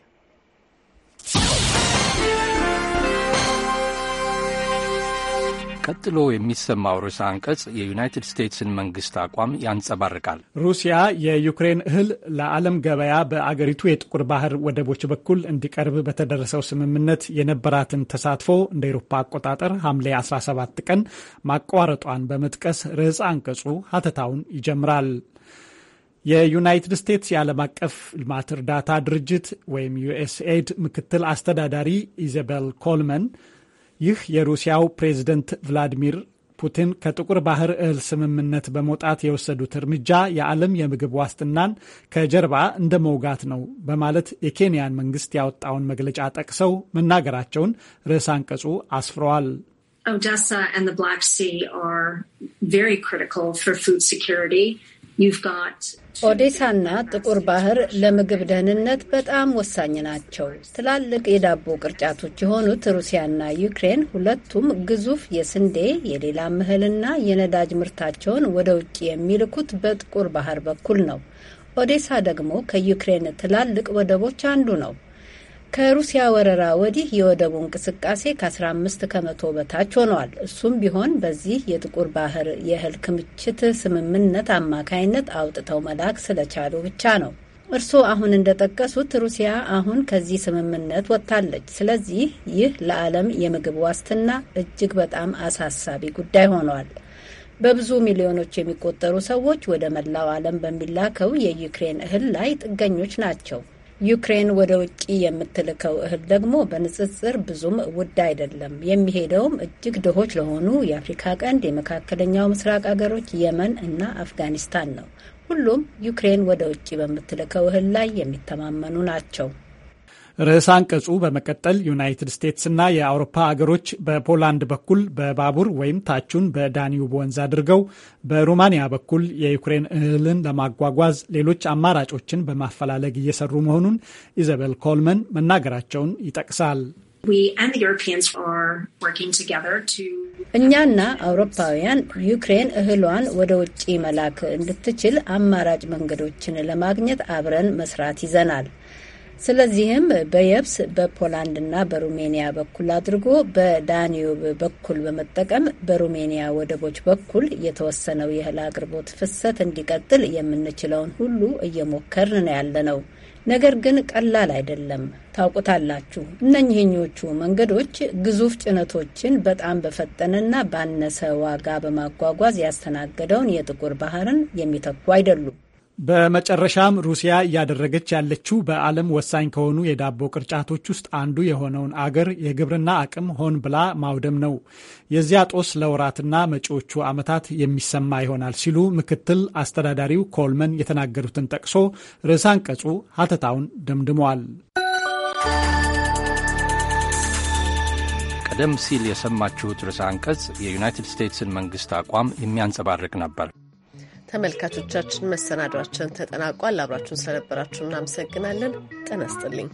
[SPEAKER 6] ቀጥሎ የሚሰማው ርዕሰ አንቀጽ የዩናይትድ ስቴትስን መንግስት አቋም ያንጸባርቃል።
[SPEAKER 16] ሩሲያ የዩክሬን እህል ለዓለም ገበያ በአገሪቱ የጥቁር ባህር ወደቦች በኩል እንዲቀርብ በተደረሰው ስምምነት የነበራትን ተሳትፎ እንደ ኤሮፓ አቆጣጠር ሐምሌ 17 ቀን ማቋረጧን በመጥቀስ ርዕሰ አንቀጹ ሀተታውን ይጀምራል። የዩናይትድ ስቴትስ የዓለም አቀፍ ልማት እርዳታ ድርጅት ወይም ዩኤስኤድ ምክትል አስተዳዳሪ ኢዘቤል ኮልመን ይህ የሩሲያው ፕሬዝደንት ቭላዲሚር ፑቲን ከጥቁር ባህር እህል ስምምነት በመውጣት የወሰዱት እርምጃ የዓለም የምግብ ዋስትናን ከጀርባ እንደ መውጋት ነው በማለት የኬንያን መንግስት ያወጣውን መግለጫ ጠቅሰው መናገራቸውን ርዕስ አንቀጹ አስፍረዋል።
[SPEAKER 13] ኦዴሳ ብላክ ሲ ፉድ ኦዴሳና ጥቁር ባህር ለምግብ ደህንነት በጣም ወሳኝ ናቸው። ትላልቅ የዳቦ ቅርጫቶች የሆኑት ሩሲያና ዩክሬን ሁለቱም ግዙፍ የስንዴ የሌላ እህልና የነዳጅ ምርታቸውን ወደ ውጭ የሚልኩት በጥቁር ባህር በኩል ነው። ኦዴሳ ደግሞ ከዩክሬን ትላልቅ ወደቦች አንዱ ነው። ከሩሲያ ወረራ ወዲህ የወደቡ እንቅስቃሴ ከ15 ከመቶ በታች ሆኗል። እሱም ቢሆን በዚህ የጥቁር ባህር የእህል ክምችት ስምምነት አማካይነት አውጥተው መላክ ስለቻሉ ብቻ ነው። እርስዎ አሁን እንደጠቀሱት ሩሲያ አሁን ከዚህ ስምምነት ወጥታለች። ስለዚህ ይህ ለዓለም የምግብ ዋስትና እጅግ በጣም አሳሳቢ ጉዳይ ሆኗል። በብዙ ሚሊዮኖች የሚቆጠሩ ሰዎች ወደ መላው ዓለም በሚላከው የዩክሬን እህል ላይ ጥገኞች ናቸው። ዩክሬን ወደ ውጭ የምትልከው እህል ደግሞ በንጽጽር ብዙም ውድ አይደለም። የሚሄደውም እጅግ ድሆች ለሆኑ የአፍሪካ ቀንድ፣ የመካከለኛው ምስራቅ አገሮች፣ የመን እና አፍጋኒስታን ነው። ሁሉም ዩክሬን ወደ ውጭ በምትልከው እህል ላይ የሚተማመኑ ናቸው።
[SPEAKER 16] ርዕሰ አንቀጹ በመቀጠል ዩናይትድ ስቴትስና የአውሮፓ አገሮች በፖላንድ በኩል በባቡር ወይም ታቹን በዳኒዩብ ወንዝ አድርገው በሩማንያ በኩል የዩክሬን እህልን ለማጓጓዝ ሌሎች አማራጮችን በማፈላለግ እየሰሩ መሆኑን ኢዘቤል ኮልመን መናገራቸውን ይጠቅሳል።
[SPEAKER 13] እኛና አውሮፓውያን ዩክሬን እህሏን ወደ ውጭ መላክ እንድትችል አማራጭ መንገዶችን ለማግኘት አብረን መስራት ይዘናል። ስለዚህም በየብስ በፖላንድና በሩሜኒያ በኩል አድርጎ በዳኒዩብ በኩል በመጠቀም በሩሜኒያ ወደቦች በኩል የተወሰነው የእህል አቅርቦት ፍሰት እንዲቀጥል የምንችለውን ሁሉ እየሞከርን ነው ያለነው። ነገር ግን ቀላል አይደለም። ታውቁታላችሁ፣ እነኚህኞቹ መንገዶች ግዙፍ ጭነቶችን በጣም በፈጠነና ባነሰ ዋጋ በማጓጓዝ ያስተናገደውን የጥቁር ባህርን የሚተኩ አይደሉም።
[SPEAKER 16] በመጨረሻም ሩሲያ እያደረገች ያለችው በዓለም ወሳኝ ከሆኑ የዳቦ ቅርጫቶች ውስጥ አንዱ የሆነውን አገር የግብርና አቅም ሆን ብላ ማውደም ነው። የዚያ ጦስ ለወራትና መጪዎቹ ዓመታት የሚሰማ ይሆናል ሲሉ ምክትል አስተዳዳሪው ኮልመን የተናገሩትን ጠቅሶ ርዕሰ አንቀጹ ሀተታውን ደምድመዋል።
[SPEAKER 6] ቀደም ሲል የሰማችሁት ርዕሰ አንቀጽ የዩናይትድ ስቴትስን መንግስት አቋም የሚያንጸባርቅ ነበር።
[SPEAKER 1] ተመልካቾቻችን መሰናዷችን ተጠናቋል። አብራችሁን ስለነበራችሁ እናመሰግናለን። ጤና ይስጥልኝ።